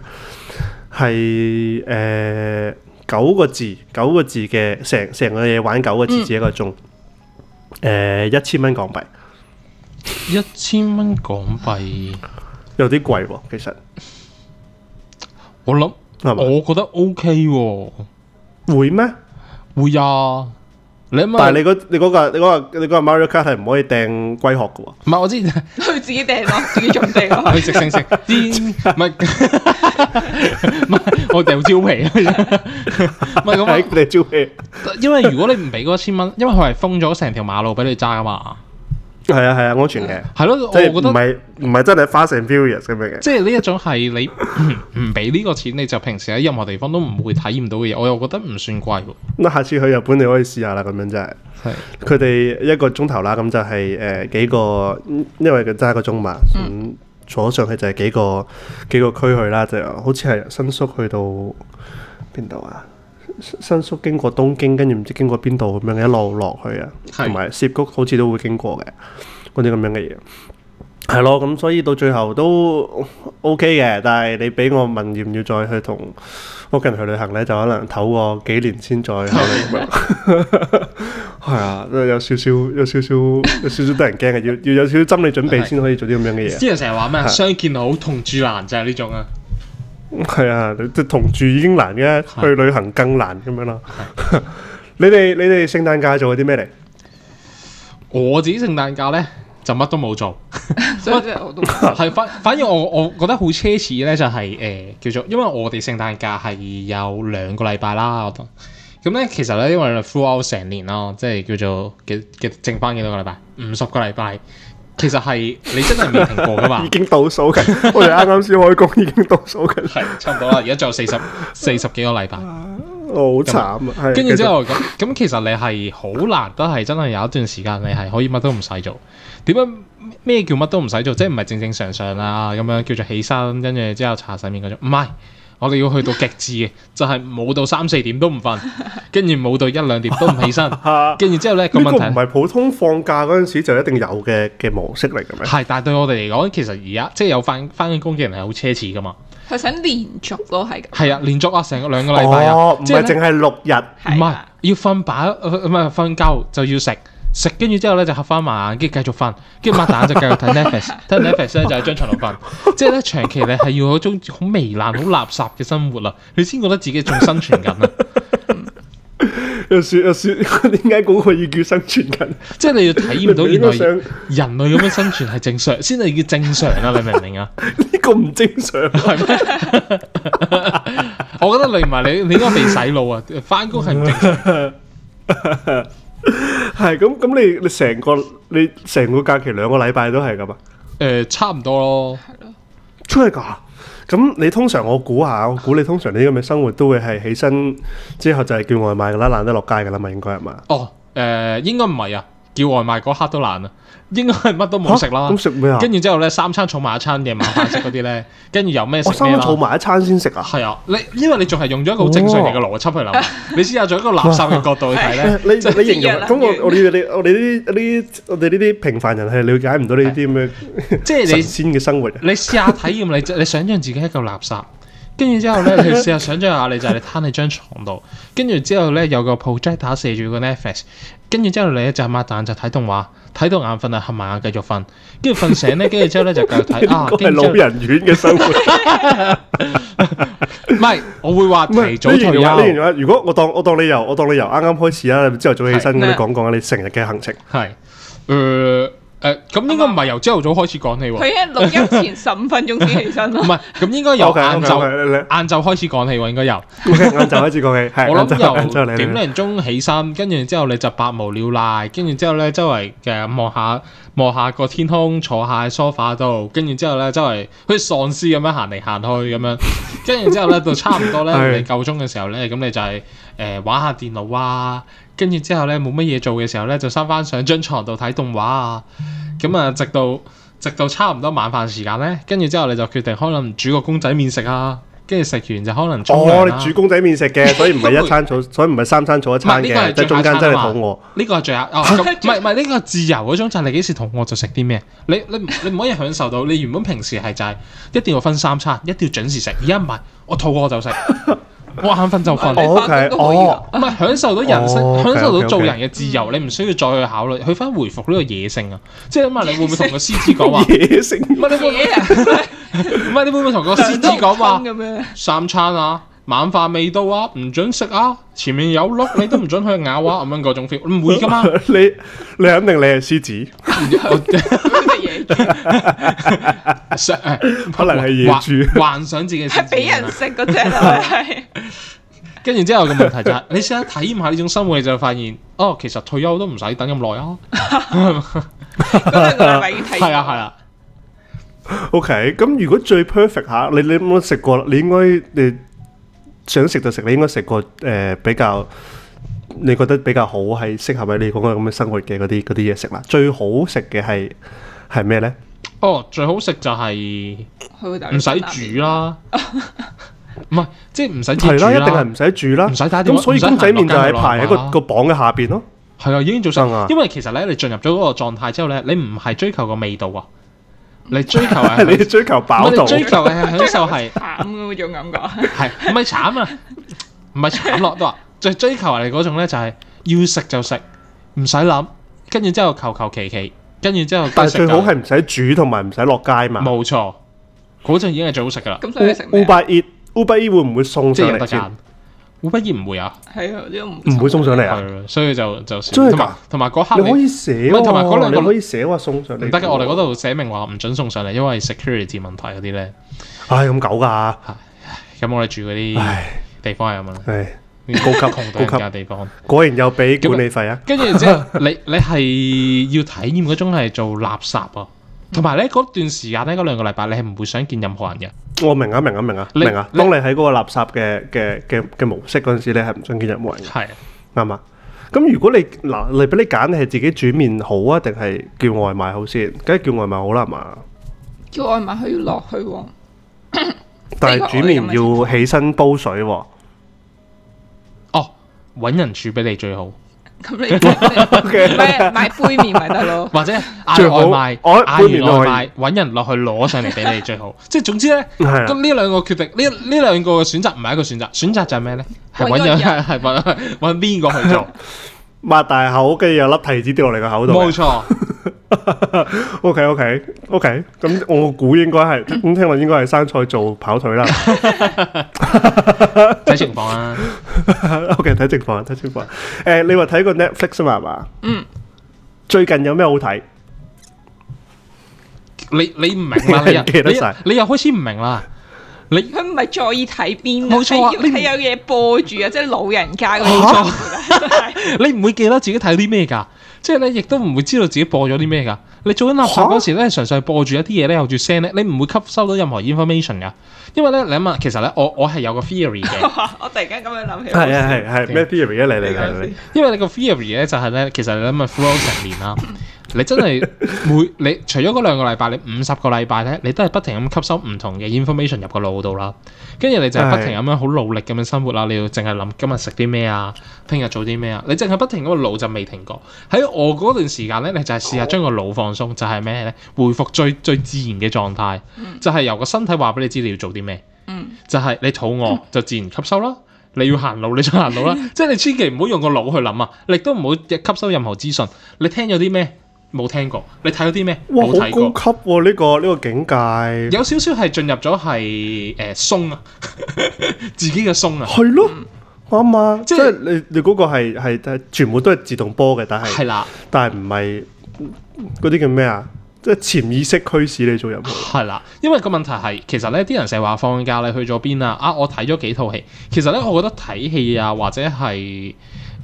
係誒、嗯。九個字，九個字嘅成成個嘢玩九個字，只一個鐘，誒、嗯呃，一千蚊港幣，一千蚊港幣，有啲貴喎，其實，我諗想，係吧我覺得 OK，、啊、會咩嗎？會呀、啊。但係你嗰你嗰個你嗰 Mario Kart 係唔可以掟龜殼嘅喎。唔係我之前佢自己掟咯，自己仲掟咯。佢食食星，唔係唔係我掟蕉皮啊！唔係咁，你掟皮，因為如果你唔俾嗰一千蚊，因為佢係封咗成條馬路俾你揸啊嘛。係啊係啊，安全嘅係咯，的即係唔係唔係真係花成 b i 咁樣嘅，即係呢一種係你唔俾呢個錢， [laughs] 你就平時喺任何地方都唔會體驗到嘅嘢。我又覺得唔算貴，咁下次去日本你可以試下，就是，的啦，咁樣真係。係佢哋一個鐘頭啦，咁就係誒幾個，因為佢揸個鐘嘛，咁坐，嗯、上去就係幾個幾個區去啦，就好似係新宿去到邊度啊？新宿經過東京，跟住唔知經過邊度咁樣，一路落去啊，同埋涉谷好似都會經過嘅，嗰啲咁樣嘅嘢，係咯，咁所以到最後都 OK 嘅。但係你俾我問，要唔要再去同屋企人去旅行咧？就可能唞過幾年先再考慮。係啊，因為有少少，有少少，有少少得人驚嘅，要要有少少心理準備先可以做啲咁樣嘅嘢。之前成日話咩相見好，同住難就係呢種啊。係啊，即同住已經難嘅，去旅行更難咁的樣咯、啊 [laughs] 你哋你哋聖誕假做咗啲咩嚟？我自己聖誕假咧就乜都冇做，所以係反反而我我覺得好奢侈咧、就是，就係誒叫做，因為我哋聖誕假係有兩個禮拜啦，我都咁咧，其實咧因為 full 成年咯，即係叫做幾幾剩翻幾多個禮拜，五十個禮拜。其實係你真係未停過噶嘛？ [laughs] 已經倒數嘅，我哋啱啱先開工，已經倒數嘅。係 [laughs] 差唔多啦，而家仲有四十四十幾個禮拜 [laughs] 樣、哦，好慘啊！跟住之後咁咁， [laughs] 其實你係好難，都係真係有一段時間，你係可以乜都唔使做。點樣咩叫乜都唔使做？即係唔係正正常常啊？咁樣叫做起身，跟住之後查洗面嗰種，唔係。 [laughs] 我哋要去到極致嘅，就係、是、冇到三四點都唔瞓，跟住冇到一兩點都唔起身，跟住 [laughs] 之後咧、呢個問題，唔係普通放假嗰陣時就一定有嘅嘅模式嚟嘅咩？係， [laughs] 但係對我哋嚟講，其實而家即係有翻翻工嘅人係好奢侈噶嘛？佢想連續咯、啊，係噶。係啊，連續啊，成個兩個禮拜呀，唔係淨係六日，唔係、啊、要瞓飽咁係瞓夠就要食。食，跟住之後咧就合翻埋眼，跟住繼續瞓，跟住擘大眼就繼續睇 Netflix，睇 Netflix 咧就喺張床度瞓， [laughs] 即係咧長期咧係要嗰種好糜爛、好垃圾嘅生活啦，你先覺得自己仲生存緊啊、 [laughs] 嗯？有時有時點解嗰個要叫生存緊？即係你要體驗到原來人類咁樣生存係正常，先係叫正常啦、啊，你明唔明啊？呢個唔正常係咩？我覺得你唔係你，你應該被洗腦啊！翻工係唔正常。 [laughs] 係咁咁，你你成個你成個假期兩個禮拜都係咁啊？誒、呃，差唔多咯。係咯、 [laughs] 啊，真係噶？咁你通常我估下，我估你通常你咁嘅生活都會係起身之後就係叫外賣噶啦，懶得落街噶啦嘛，應該係嘛？哦，誒、呃，應該唔係啊，叫外賣嗰刻都懶啊。應該係乜都冇食啦，咁食咩啊？跟住之後咧，三餐儲埋一餐，夜晚先食嗰啲咧，跟住有咩食三餐儲埋一餐先食啊！係啊，你因為你仲係用咗一個正常人嘅邏輯去諗，你試下做一個垃圾嘅角度去睇咧。你形容咁我我你我哋呢啲我哋呢啲平凡人係了解唔到呢啲咁樣即係先嘅生活。你試下體驗，你你想象自己係一嚿垃圾。跟住之後咧，你試下想象下，就是，你就係你攤喺張床度，跟住之後咧有個 project 打射住個 Netflix，跟住之後你就擘大眼就睇動畫，睇到眼瞓 [laughs] 啊，合埋眼繼續瞓，跟住瞓醒咧，跟住之後咧就繼續睇。啊，呢個係老人院嘅生活。唔係，我會話提早退休。如果我當我當你由我當你由啱啱開始啊，朝頭早起身，咁你講講你成日嘅行程。係，誒、呃。誒，咁應該唔係由朝頭早開始講起喎。佢喺錄音前十五分鐘先起身咯。唔係，咁應該由晏晝晏晝開始講起喎，應該由晏晝開始講起。我諗由點零鐘起身，跟住之後你就百無聊賴，跟住之後咧周圍嘅望下望下個天空，坐下喺梳化度，跟住之後咧周圍好似喪屍咁樣行嚟行去咁樣，跟住之後咧就差唔多咧你夠鐘嘅時候咧，咁你就係誒玩下電腦啊。跟住之後咧，冇乜嘢做嘅時候咧，就收翻上張床度睇動畫啊。咁、嗯、啊、嗯，直到直到差唔多晚飯時間咧，跟住之後你就決定可能煮個公仔麵食啊。跟住食完就可能、啊、哦，你煮公仔麵食嘅，所以唔係一餐做， [laughs] 所以唔係三餐做一餐嘅。呢、中間真係肚餓。呢、啊、個係最唔係唔係呢個自由嗰種就係、是、你幾時肚餓就食啲咩。你你你唔可以享受到你原本平時係就係一定要分三餐，一定要準時食。而家唔係，我肚餓就食。 [laughs] 我眼瞓就瞓，你翻工都可以噶。唔 [noise] 係樂享受到人生，oh, 享受到做人嘅自由，okay, okay, okay. 你唔需要再去考慮，去翻回復呢個野性啊！即係咁啊！你會唔會同個獅子講話？ [laughs] 野性唔係？ [laughs] 你會唔會同個獅子講話？三餐啊！晚飯未到啊，唔準食啊！前面有碌，你都唔準去咬啊！咁樣嗰種 feel，唔會噶嘛？你你肯定你係獅子，可能係野豬 [laughs] 幻想自己係俾人食嗰隻咯，跟住 [laughs] [laughs] [laughs] 之後嘅問題就係，你試下體驗下呢種生活，你就發現哦，其實退休都唔使等咁耐啊！咁我係咪要體驗啊？係啦、啊。啊、OK，咁如果最 perfect 下，你你冇食過你應該你。想食就食，你應該食個誒比較你覺得比較好，係適合喺你講嘅咁嘅生活嘅嗰啲嗰啲嘢食啦。最好食嘅係係咩咧？呢哦，最好食就係唔使煮啦，唔係即係唔使煮啦，一定係唔使煮啦，唔使打點，所以公仔麵就係排喺個個榜嘅下邊咯。係啊，已經做晒啊！因為其實咧，你進入咗嗰個狀態之後咧，你唔係追求個味道啊。你追求啊！ [laughs] 你追求飽度。追求享受係慘嗰種感覺。係，唔係 [laughs] [laughs] 慘啊？唔係慘落都話， [laughs] 最追求係嗰種咧，就係要食就食，唔使諗，跟住之後求求其其，跟住之後。但係最好係唔使煮同埋唔使落街嘛？冇錯，嗰陣已經係最好食噶啦。咁所以食 Uber EatsUber Eats 會唔會送即係有得揀？會不業唔會啊？係啊，唔會送上嚟啊！所以就就即係同埋同埋嗰刻你可以寫喎，你可以寫話送上嚟。唔得嘅，我哋嗰度寫明話唔准送上嚟，因為 security 問題嗰啲咧。唉，咁狗㗎！咁我哋住嗰啲地方係咁樣，高級高級嘅地方，果然又俾管理費啊！跟住之後，你你係要體驗嗰種係做垃圾啊，同埋咧嗰段時間咧嗰兩個禮拜，你係唔會想見任何人嘅。我明啊明啊明啊明啊！你當你喺嗰個垃圾嘅嘅嘅嘅模式嗰陣時，你係唔想見任何人嘅。係啱啊！咁如果你嗱，你俾你揀，係自己煮麵好啊，定係叫外賣好先？梗係叫外賣好啦，係嘛？叫外賣佢要落去、啊， [coughs] 但係煮麵要起身煲水、啊。 [coughs] 哦，搵人煮俾你最好。咁你 [laughs] 買杯麪咪得咯，或者嗌外賣，嗌好完外賣揾人落去攞上嚟俾你最好。即係 [laughs] 總之咧，咁呢 [laughs] 兩個決定，呢呢 [laughs] 兩個嘅選擇唔係一個選擇，選擇就係咩咧？係揾人，係係揾揾邊個去做。 [laughs] 擘大口，跟住有粒提子跌落嚟個口度。冇錯。O K O K O K，咁我估應該係，咁聽聞應該係生菜做跑腿啦。睇 [laughs] [laughs] 情況啊。O K，睇情況、啊，睇情況、啊。誒、欸，你話睇個 Netflix 嘛係嘛？嗯。最近有咩好睇？你 [laughs] 你唔明啦，你又記得晒，你又開始唔明啦。你佢唔係在意睇邊啊？冇錯，你有嘢播住啊，即係老人家嗰啲裝。你唔會記得自己睇啲咩㗎？即係你亦都唔會知道自己播咗啲咩㗎？你做緊垃圾嗰時咧，純粹係播住一啲嘢咧，有住聲咧，你唔會吸收到任何 information 㗎。因為咧，你諗下，其實咧，我我係有個 theory 嘅。我突然間咁樣諗起。係啊，係咩 theory 咧？你嚟你，因為你個 theory 咧就係咧，其實你諗下 full 成年啦。 [laughs] 你真係每你，除咗嗰兩個禮拜，你五十個禮拜咧，你都係不停咁吸收唔同嘅 information 入個腦度啦。跟住你就係不停咁樣好努力咁樣生活啦。你要淨係諗今日食啲咩啊，聽日做啲咩啊。你淨係不停咁個腦就未停過。喺我嗰段時間咧，你就係試下將個腦放鬆，就係咩咧？回復最最自然嘅狀態，嗯、就係由個身體話俾你知你要做啲咩。嗯、就係你肚餓就自然吸收啦。你要行路，你想行路啦。即係你千祈唔好用個腦去諗啊，你都唔好吸收任何資訊。你聽咗啲咩？冇聽過，你睇到啲咩？過哇，好高級喎、啊！呢、呢個呢、呢個境界 [noise] 有少少係進入咗係誒鬆啊， [laughs] 自己嘅鬆啊，係咯，啱啊、嗯！嗯、即係你你嗰個係全部都係自動波嘅，但係係啦，但係唔係嗰啲叫咩啊？即係、就是、潛意識驅使你做任務係啦，因為個問題係其實咧，啲人成日話放假你去咗邊啊？啊，我睇咗幾套戲，其實咧，我覺得睇戲啊，或者係誒、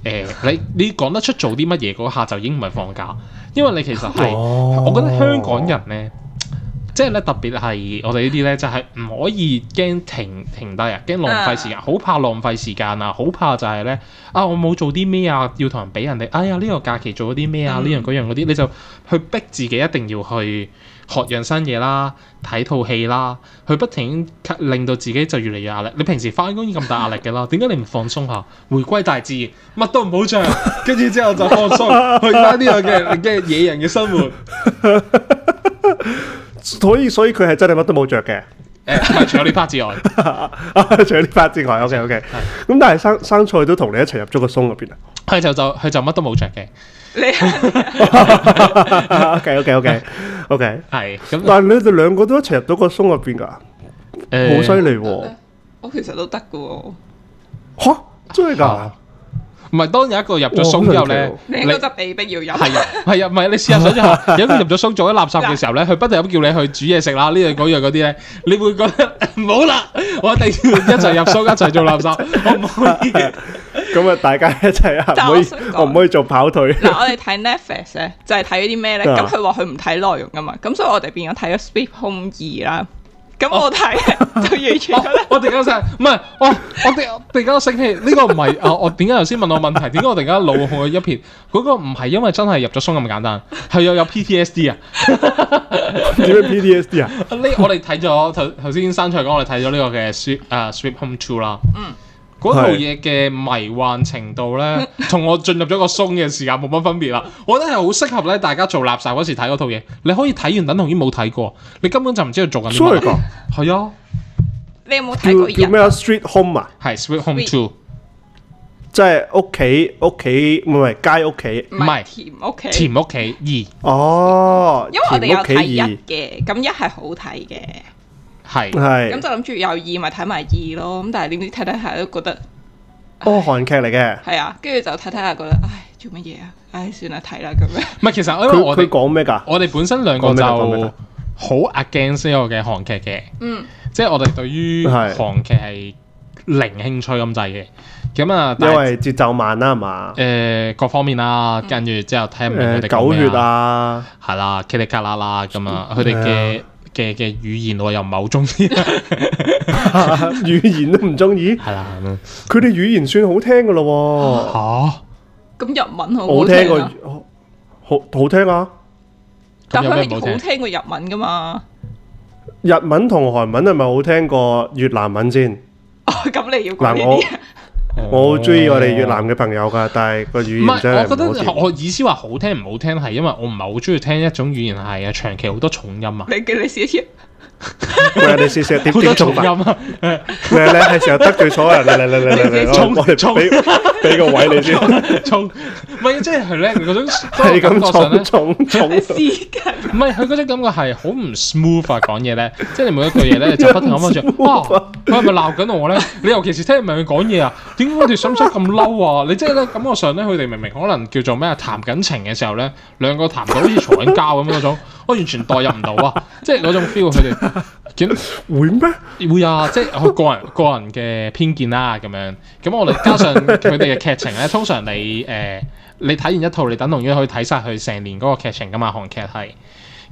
呃、你你講得出做啲乜嘢嗰下就已經唔係放假。因為你其實係，oh. 我覺得香港人咧，即係咧特別係我哋呢啲咧，就係唔可以驚停停低啊，驚浪費時間，好怕浪費時間啊，好怕就係咧，啊我冇做啲咩啊，要同人俾人哋，哎呀呢個假期做咗啲咩啊，呢樣嗰樣嗰啲，你就去逼自己一定要去。學樣新嘢啦，睇套戲啦，佢不停令到自己就越嚟越壓力。你平時翻工已咁大壓力嘅啦，點解你唔放鬆下？回歸大自然，乜都唔好着，跟住之後就放鬆，去翻呢樣嘅嘅野人嘅生活。 [laughs] 所以所以佢係真係乜都冇着嘅，誒、唔係，除咗呢 part 之外， [laughs] 啊、除咗呢 part 之外，OK OK 的。咁但係生生菜都同你一齊入咗個松入邊啊？係就就佢就乜都冇着嘅。O K O K O K O K 係，咁但係你哋兩個都一齊入到個箱入邊噶，好犀利！我其實都得噶喎，吓真係噶？唔係當有一個入咗箱之後咧，你都得被逼要入，係呀係呀，唔係你試下想之後，如果有一個入咗箱做咗垃圾嘅時候咧，佢不停咁叫你去煮嘢食啦，呢樣嗰樣嗰啲咧，你會覺得唔好啦，我一定要一齊入箱一齊做垃圾，可唔可以？咁啊，大家一齊啊，唔可以，我唔可以做跑腿。嗱，我哋睇 Netflix 咧，就係睇啲咩咧？咁佢話佢唔睇內容噶嘛？咁所以我哋變咗睇咗《Sweet Home 二》啦。咁、啊 [laughs] 啊、我睇，就完全。我突然間，唔係我我突然間醒起，呢個唔係啊！我點解頭先問我問題？點解我突然間腦控一片？嗰、那個唔係因為真係入咗松咁簡單，係又有，有 PTSD 啊？點解 PTSD 啊？呢我哋睇咗頭頭先生菜講，我哋睇咗呢個嘅《Sweet》誒，《Sweet Home Two》啦。嗯。嗰套嘢嘅迷幻程度咧，同我進入咗個鬆嘅時間冇乜分別啦。我覺得係好適合咧，大家做垃圾嗰時睇嗰套嘢。你可以睇完等同於冇睇過，你根本就唔知道做緊咩。所以講係啊，你有冇睇過？叫咩 Street Home 啊？係 Street Home Two，即係屋企屋企，唔係街屋企，唔係甜屋企甜屋企二。哦，因為我哋屋企二。嘅，咁一係好睇嘅。係，咁就諗住有意咪睇埋二咯，咁但係點知睇睇下都覺得，哦，韓劇嚟嘅。係啊，跟住就睇睇下覺得，唉，做乜嘢啊？唉，算啦，睇啦咁樣。唔係，其實因為我哋講咩噶，我哋本身兩個就好 against 呢個嘅韓劇嘅，嗯，即係我哋對於韓劇係零興趣咁滯嘅，咁啊，因為節奏慢啦嘛，誒，各方面啦，跟住之後聽唔明佢哋講咩啊，係啦，嘰裡咔啦啦咁啊，佢哋嘅。嘅嘅語言我又唔係好中意，語言都唔中意。係啦，佢哋語言算好聽噶咯。吓，咁日文好好聽過，好好聽啦。但係好聽過日文噶嘛？日文同韓文係咪好聽過越南文先？哦，咁你要講。我好中意我哋越南嘅朋友噶，但係個語言唔係，我覺得我意思話好聽唔好聽係，因為我唔係好中意聽一種語言係啊，長期好多重音啊。你幾時寫嘢？ [laughs] 喂，你試試點點重音啊？咩咧係時候得罪人，嚟嚟嚟嚟嚟嚟，我哋俾俾個位你先。重唔係即係佢咧，佢嗰種，種感覺上咧，重重私唔係佢嗰種感覺係好唔 smooth 啊！講嘢咧，即係你每一句嘢咧就不停咁樣做。哇、嗯！佢係咪鬧緊我咧？ [laughs] 你尤其是聽唔明佢講嘢啊？點解我哋想唔想咁嬲啊？你即係咧感覺上咧，佢哋明明可能叫做咩啊？談緊情嘅時候咧，兩個談到好似吵緊交咁樣嗰種。我完全代入唔到啊！即係嗰種 feel，佢哋點會咩嗎？會啊！即係個人 [laughs] 個人嘅偏見啦、啊，咁樣。咁我哋加上佢哋嘅劇情咧，通常你誒、呃，你睇完一套，你等同於可以睇晒佢成年嗰個劇情噶嘛？韓劇係。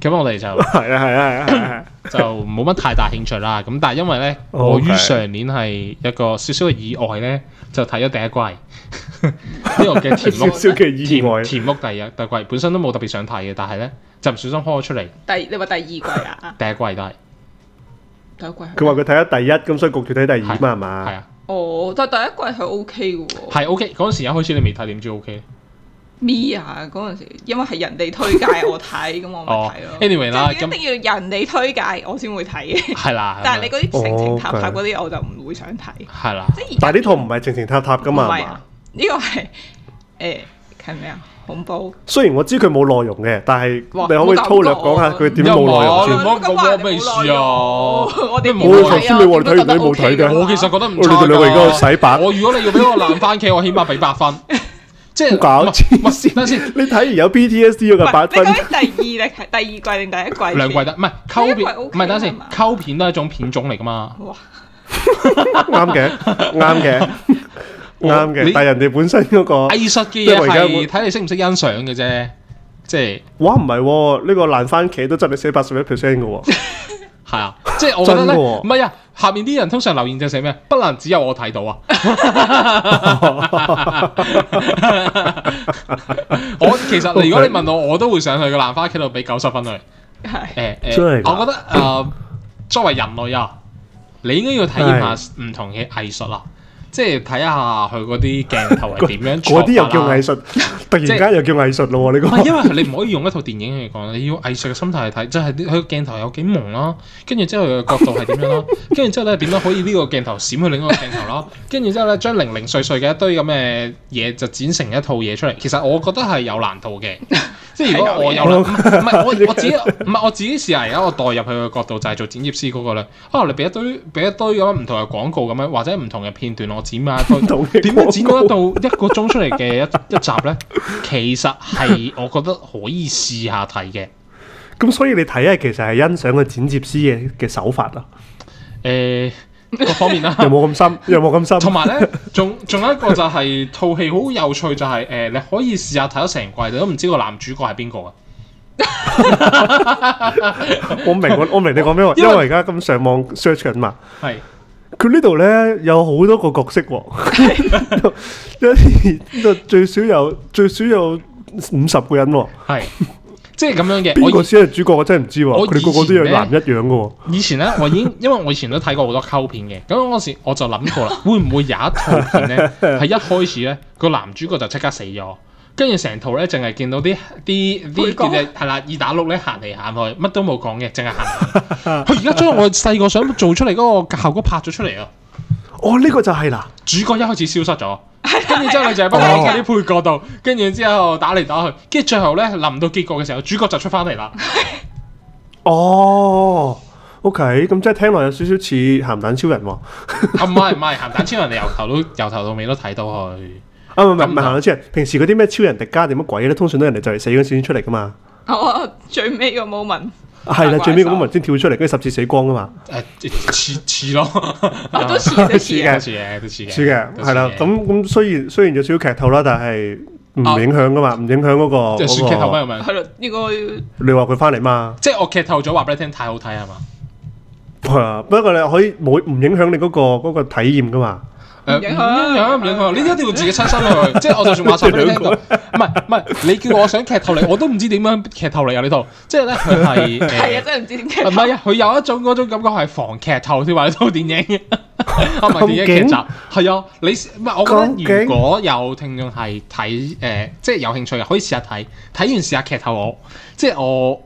咁我哋就係啊係啊，啊啊啊嗯、就冇乜太大興趣啦。咁但係因為咧，Okay. 我於上年係一個少少嘅意外咧，就睇咗第一季。呢 [laughs] 個嘅田屋，嘅意外田，田屋第二第季本身都冇特別想睇嘅，但係咧。就唔小心開咗出嚟。第你話第二季啊？第一季都係第一季。佢話佢睇咗第一，咁所以焗住睇第二嘛嘛。係啊。哦，就係第一季係 O K 喎。係 O K，嗰陣時一開始你未睇，點知 O K 咧？咩啊，嗰陣時因為係人哋推介我睇，咁我咪睇咯。Anyway 啦，一定要人哋推介我先會睇嘅。係啦。但係你嗰啲情情塔塔嗰啲，我就唔會想睇。係啦。但係呢套唔係情情塔塔噶嘛嘛。呢個係誒，係咪啊？恐怖。雖然我知佢冇內容嘅，但係你可唔可以粗略講下佢點樣冇內容先。我今日都未輸啊！我其實覺得唔得？我哋兩個而家洗白。我如果你要俾我爛番茄，我起碼俾八分。即係唔係先？等下先。你睇完有 BTS 嗰個八分？你講第二第二季定第一季？兩季得唔係？溝片唔係等先？溝片都係一種片種嚟㗎嘛。啱嘅，啱嘅。啱嘅，但係人哋本身嗰個藝術嘅嘢，睇你識唔識欣賞嘅啫，即係哇唔係，呢、這個爛番茄都執你四百十一 percent 嘅喎，係、哦、 [laughs] 啊，即係我覺得咧，唔係啊，下面啲人通常留言就寫咩，不能只有我睇到啊，我其實如果你問我，我都會上去個爛番茄度俾九十分佢，誒誒、 [laughs] 欸，欸、我覺得誒、呃、作為人類啊，你應該要體驗下唔同嘅藝術啊。即係睇下佢嗰啲鏡頭係點樣做。嗰啲又叫藝術， [laughs] 突然間又叫藝術咯，你講唔，因為你唔可以用一套電影嚟講，你要藝術嘅心態去睇，即係佢鏡頭有幾蒙啦、啊，跟住之後佢嘅角度係點樣啦、啊，跟住之後咧點樣可以呢個鏡頭閃去另一個鏡頭啦、啊，跟住之後咧將零零碎碎嘅一堆咁嘅嘢就剪成一套嘢出嚟。其實我覺得係有難度嘅，即係如果我有啦，唔係 [laughs] [laughs] 我我，我自己唔係 [laughs] 我自己試下，而家我代入佢嘅角度就係做剪接師嗰個。可能你俾一堆俾一堆咁唔同嘅廣告咁樣，或者唔同嘅片段剪啊，嘛，點樣剪到一度一個鐘出嚟嘅一一集咧？其實係我覺得可以試下睇嘅。咁所以你睇啊，其實係欣賞個剪接師嘅嘅手法啦。誒、欸，各、那個、方面啦，又冇咁深，又冇咁深。同埋咧，仲仲有一個就係、是、套戲好有趣、就是，就係誒，你可以試下睇咗成季，你都唔知個男主角係邊個啊！我明，我明你講咩話，因為我而家咁上網 search 緊嘛，係。佢呢度咧有好多個角色喎，哦，一 [laughs] 啲最少有最少有五十個人喎，哦，係，即係咁樣嘅。邊個先係主角，我，以我真係唔知喎。佢哋個個都有男一樣嘅喎。以前咧，我已經因為我以前都睇過好多溝片嘅，咁嗰時我就諗過啦， [laughs] 會唔會有一套片咧係一開始咧個男主角就即刻死咗？跟住成套咧，淨係見到啲啲啲叫嘅係啦，二打六咧行嚟行去，乜都冇講嘅，淨係行。佢而家將我細個想做出嚟嗰個效果拍咗出嚟啊！哦，呢、這個就係啦，主角一開始消失咗，跟住之後你就係幫啲配角度，跟住 [laughs] 之後打嚟打去，跟住最後咧臨到結局嘅時候，主角就出翻嚟啦。哦，OK，咁即係聽落有少少似鹹蛋超人喎、啊。唔係唔係鹹蛋超人，你由頭都由頭到尾都睇到佢。唔係行到超人，平時嗰啲咩超人迪迦點乜鬼咧？通常都人哋就係死咗先出嚟噶嘛。最尾個 moment 係啦，最尾個 moment 先跳出嚟，跟住十字死光噶嘛。誒，似似咯，都似嘅，似嘅，都似嘅，似嘅，係啦。咁咁雖然雖然有少少劇透啦，但係唔影響噶嘛，唔影響嗰個。即係算劇透咩咪？係咯，應該。你話佢翻嚟嘛？即係我劇透咗話俾你聽，太好睇係嘛？係啊，不過你可以冇唔影響你嗰個嗰個體驗噶嘛。影 [music] 啊，唔影啊！你一定要自己親身去， [music] 即係我就算話錯兩個，唔係唔係，你叫我想劇透你，我都唔知點樣劇透你啊呢套，即係咧佢係係啊，真係唔知點劇。唔係 [music] 啊，佢有一種嗰種感覺係防劇透先話呢套電影，啊唔係電影劇集，係 [music] 啊，你唔係我覺得如果有聽眾係睇誒，即係有興趣嘅，可以試下睇，睇完試下劇透我，即係我，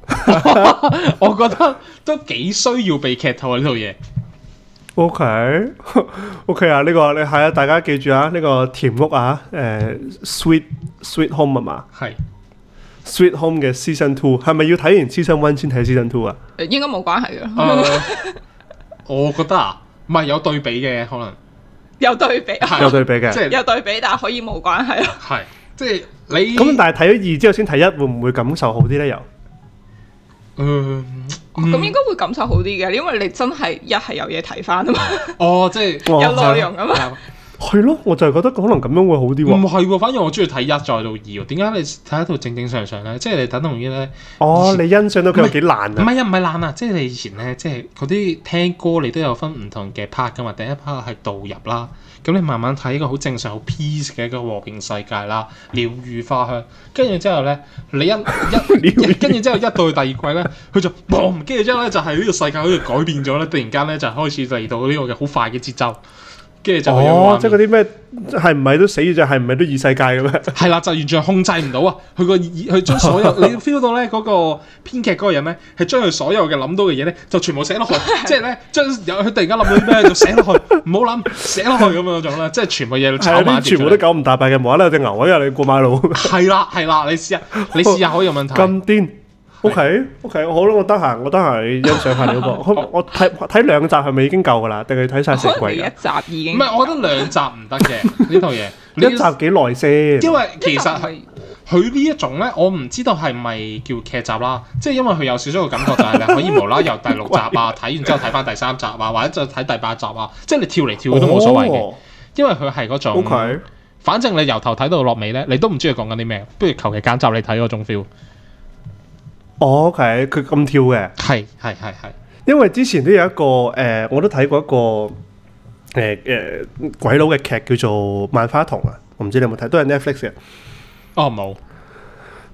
[laughs] 我覺得都幾需要被劇透啊呢套嘢。O K，O K 啊，呢個你係啊，大家記住啊，呢個甜屋啊，誒，Sweet Sweet Home 啊嘛，係 Sweet Home 嘅 Season Two 係咪要睇完 Season One 先睇 Season Two 啊？誒，應該冇關係嘅，我覺得啊，唔係有對比嘅，可能有對比，有對比嘅，即係有對比，但係可以冇關係啊，係即係你咁，但係睇咗二之後先睇一會，唔會感受好啲咧又？嗯，咁、哦、應該會感受好啲嘅，因為你真係一係有嘢睇翻啊嘛。哦，即係 [laughs] 有內內容、哦、啊嘛。係咯、 [laughs] 啊啊，我就係覺得可能咁樣會好啲、哦。唔係、啊，反而我中意睇一再到二、啊。點解你睇一套正正常常咧？即係你等同於咧。哦，前你欣賞到佢係幾爛啊？唔係啊，唔係爛啊，即係你以前咧，即係嗰啲聽歌你都有分唔同嘅 part 噶嘛。第一 part 係導入啦。咁你慢慢睇一個好正常、好 peace 嘅一個和平世界啦，鳥語花香。跟住之後咧，你一一跟住 [laughs] 之後一到第二季咧，佢就，跟住之後咧就係、是、呢個世界好似改變咗咧，突然間咧就開始嚟到呢個嘅好快嘅節奏。就哦，即係嗰啲咩係唔係都死咗，就係唔係都異世界嘅咩？係啦，就完全控制唔到啊！佢個二，佢將所有 [laughs] 你 feel 到咧嗰個編劇嗰個人咧，係將佢所有嘅諗到嘅嘢咧，就全部寫落去，即係咧將有佢突然間諗到啲咩就寫落去，唔好諗，寫落去咁樣一種啦，即係全部嘢。係有啲全部都搞唔大伯嘅， [laughs] 無啦啦有隻牛喺度你過馬路。係啦係啦，你試下， [laughs] 你試下可以有問題。咁癲！O K，O K，好啦，我得閒，我得閒欣賞下你、呢個。 [laughs] 我睇睇兩集係咪已經夠噶啦？定係睇晒成季？一集已經。唔係，我覺得兩集唔得嘅呢套嘢。一集幾耐先？因為其實係佢呢一種咧，我唔知道係咪叫劇集啦。即係因為佢有少少個感覺，就係你可以無啦由第六集啊，睇 [laughs] 完之後睇翻第三集啊，或者就睇第八集啊，即係你跳嚟跳去都冇所謂嘅。哦、因為佢係嗰種，okay? 反正你由頭睇到落尾咧，你都唔知佢講緊啲咩。不如求其揀集你睇嗰種 feel。哦，係佢咁跳嘅，係係係係，因為之前都有一個誒，我都睇過一個誒誒鬼佬嘅劇叫做《萬花筒》啊，我唔知你有冇睇，都係 Netflix 嘅。哦，冇《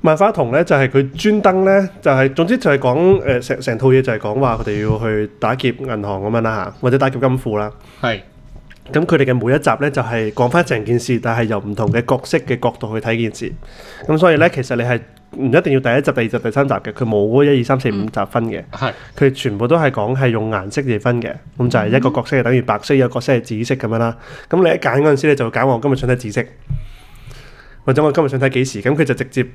萬花筒》咧，就係佢專登咧，就係總之就係講誒，成成套嘢就係講話佢哋要去打劫銀行咁樣啦吓，或者打劫金庫啦。係咁，佢哋嘅每一集咧，就係講翻成件事，但係由唔同嘅角色嘅角度去睇件事。咁所以咧，其實你係。唔一定要第一集、第二集、第三集嘅，佢冇一二三四五集分嘅。係佢、mm. 全部都係講，係用顏色嚟分嘅，咁就係一個角色係等於白色，一個角色係紫色咁、mm. 樣啦。咁你一揀嗰陣時咧，就揀我今日想睇紫色，或者我今日想睇幾時，咁佢就直接誒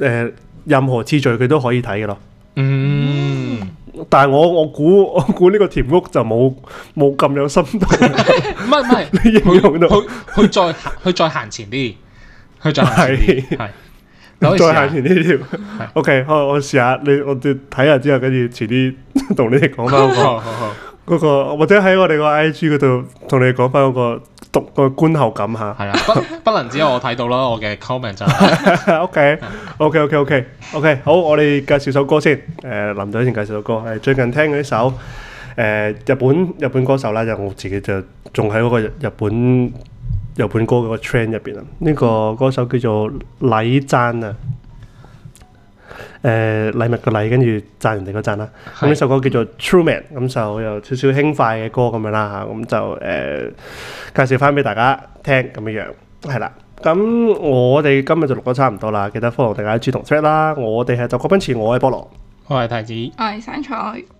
，uh, 任何次序佢都可以睇嘅咯。嗯，但係我我估我估呢個甜屋就冇冇咁有深度，唔係唔係，用到佢再佢再行前啲，佢再行係。Efendimiz 話 Janeiro 再行前呢條，OK，好我我試下你，我睇下之後，遲 [laughs] 跟住遲啲同你哋講翻嗰個， [laughs] 嗰個或者喺我哋、個 IG 嗰度同你哋講翻嗰個讀個觀後感吓。係啊，不 [laughs] 不能只有我睇到啦， [laughs] 我嘅 comment 就 OK，OK，OK，OK，OK，好，我哋介紹首歌先。誒、呃，林隊先介紹首歌，係最近聽嗰首，誒、呃，日本日本歌手啦，就我自己就仲喺嗰個日本。日本歌嗰個 Train 入邊啊，呢、這個歌手叫做禮讚啊，誒、呃、禮物個禮跟住讚人哋個讚啦。咁呢是首歌叫做 True Man，咁就有少少輕快嘅歌咁樣啦嚇。咁就誒、呃、介紹翻俾大家聽咁樣樣，係啦。咁我哋今日就錄咗差唔多啦，記得 follow 大家嘅 check 啦。我哋係就雜果 Punchy，我係菠蘿，我係太子，我係生菜。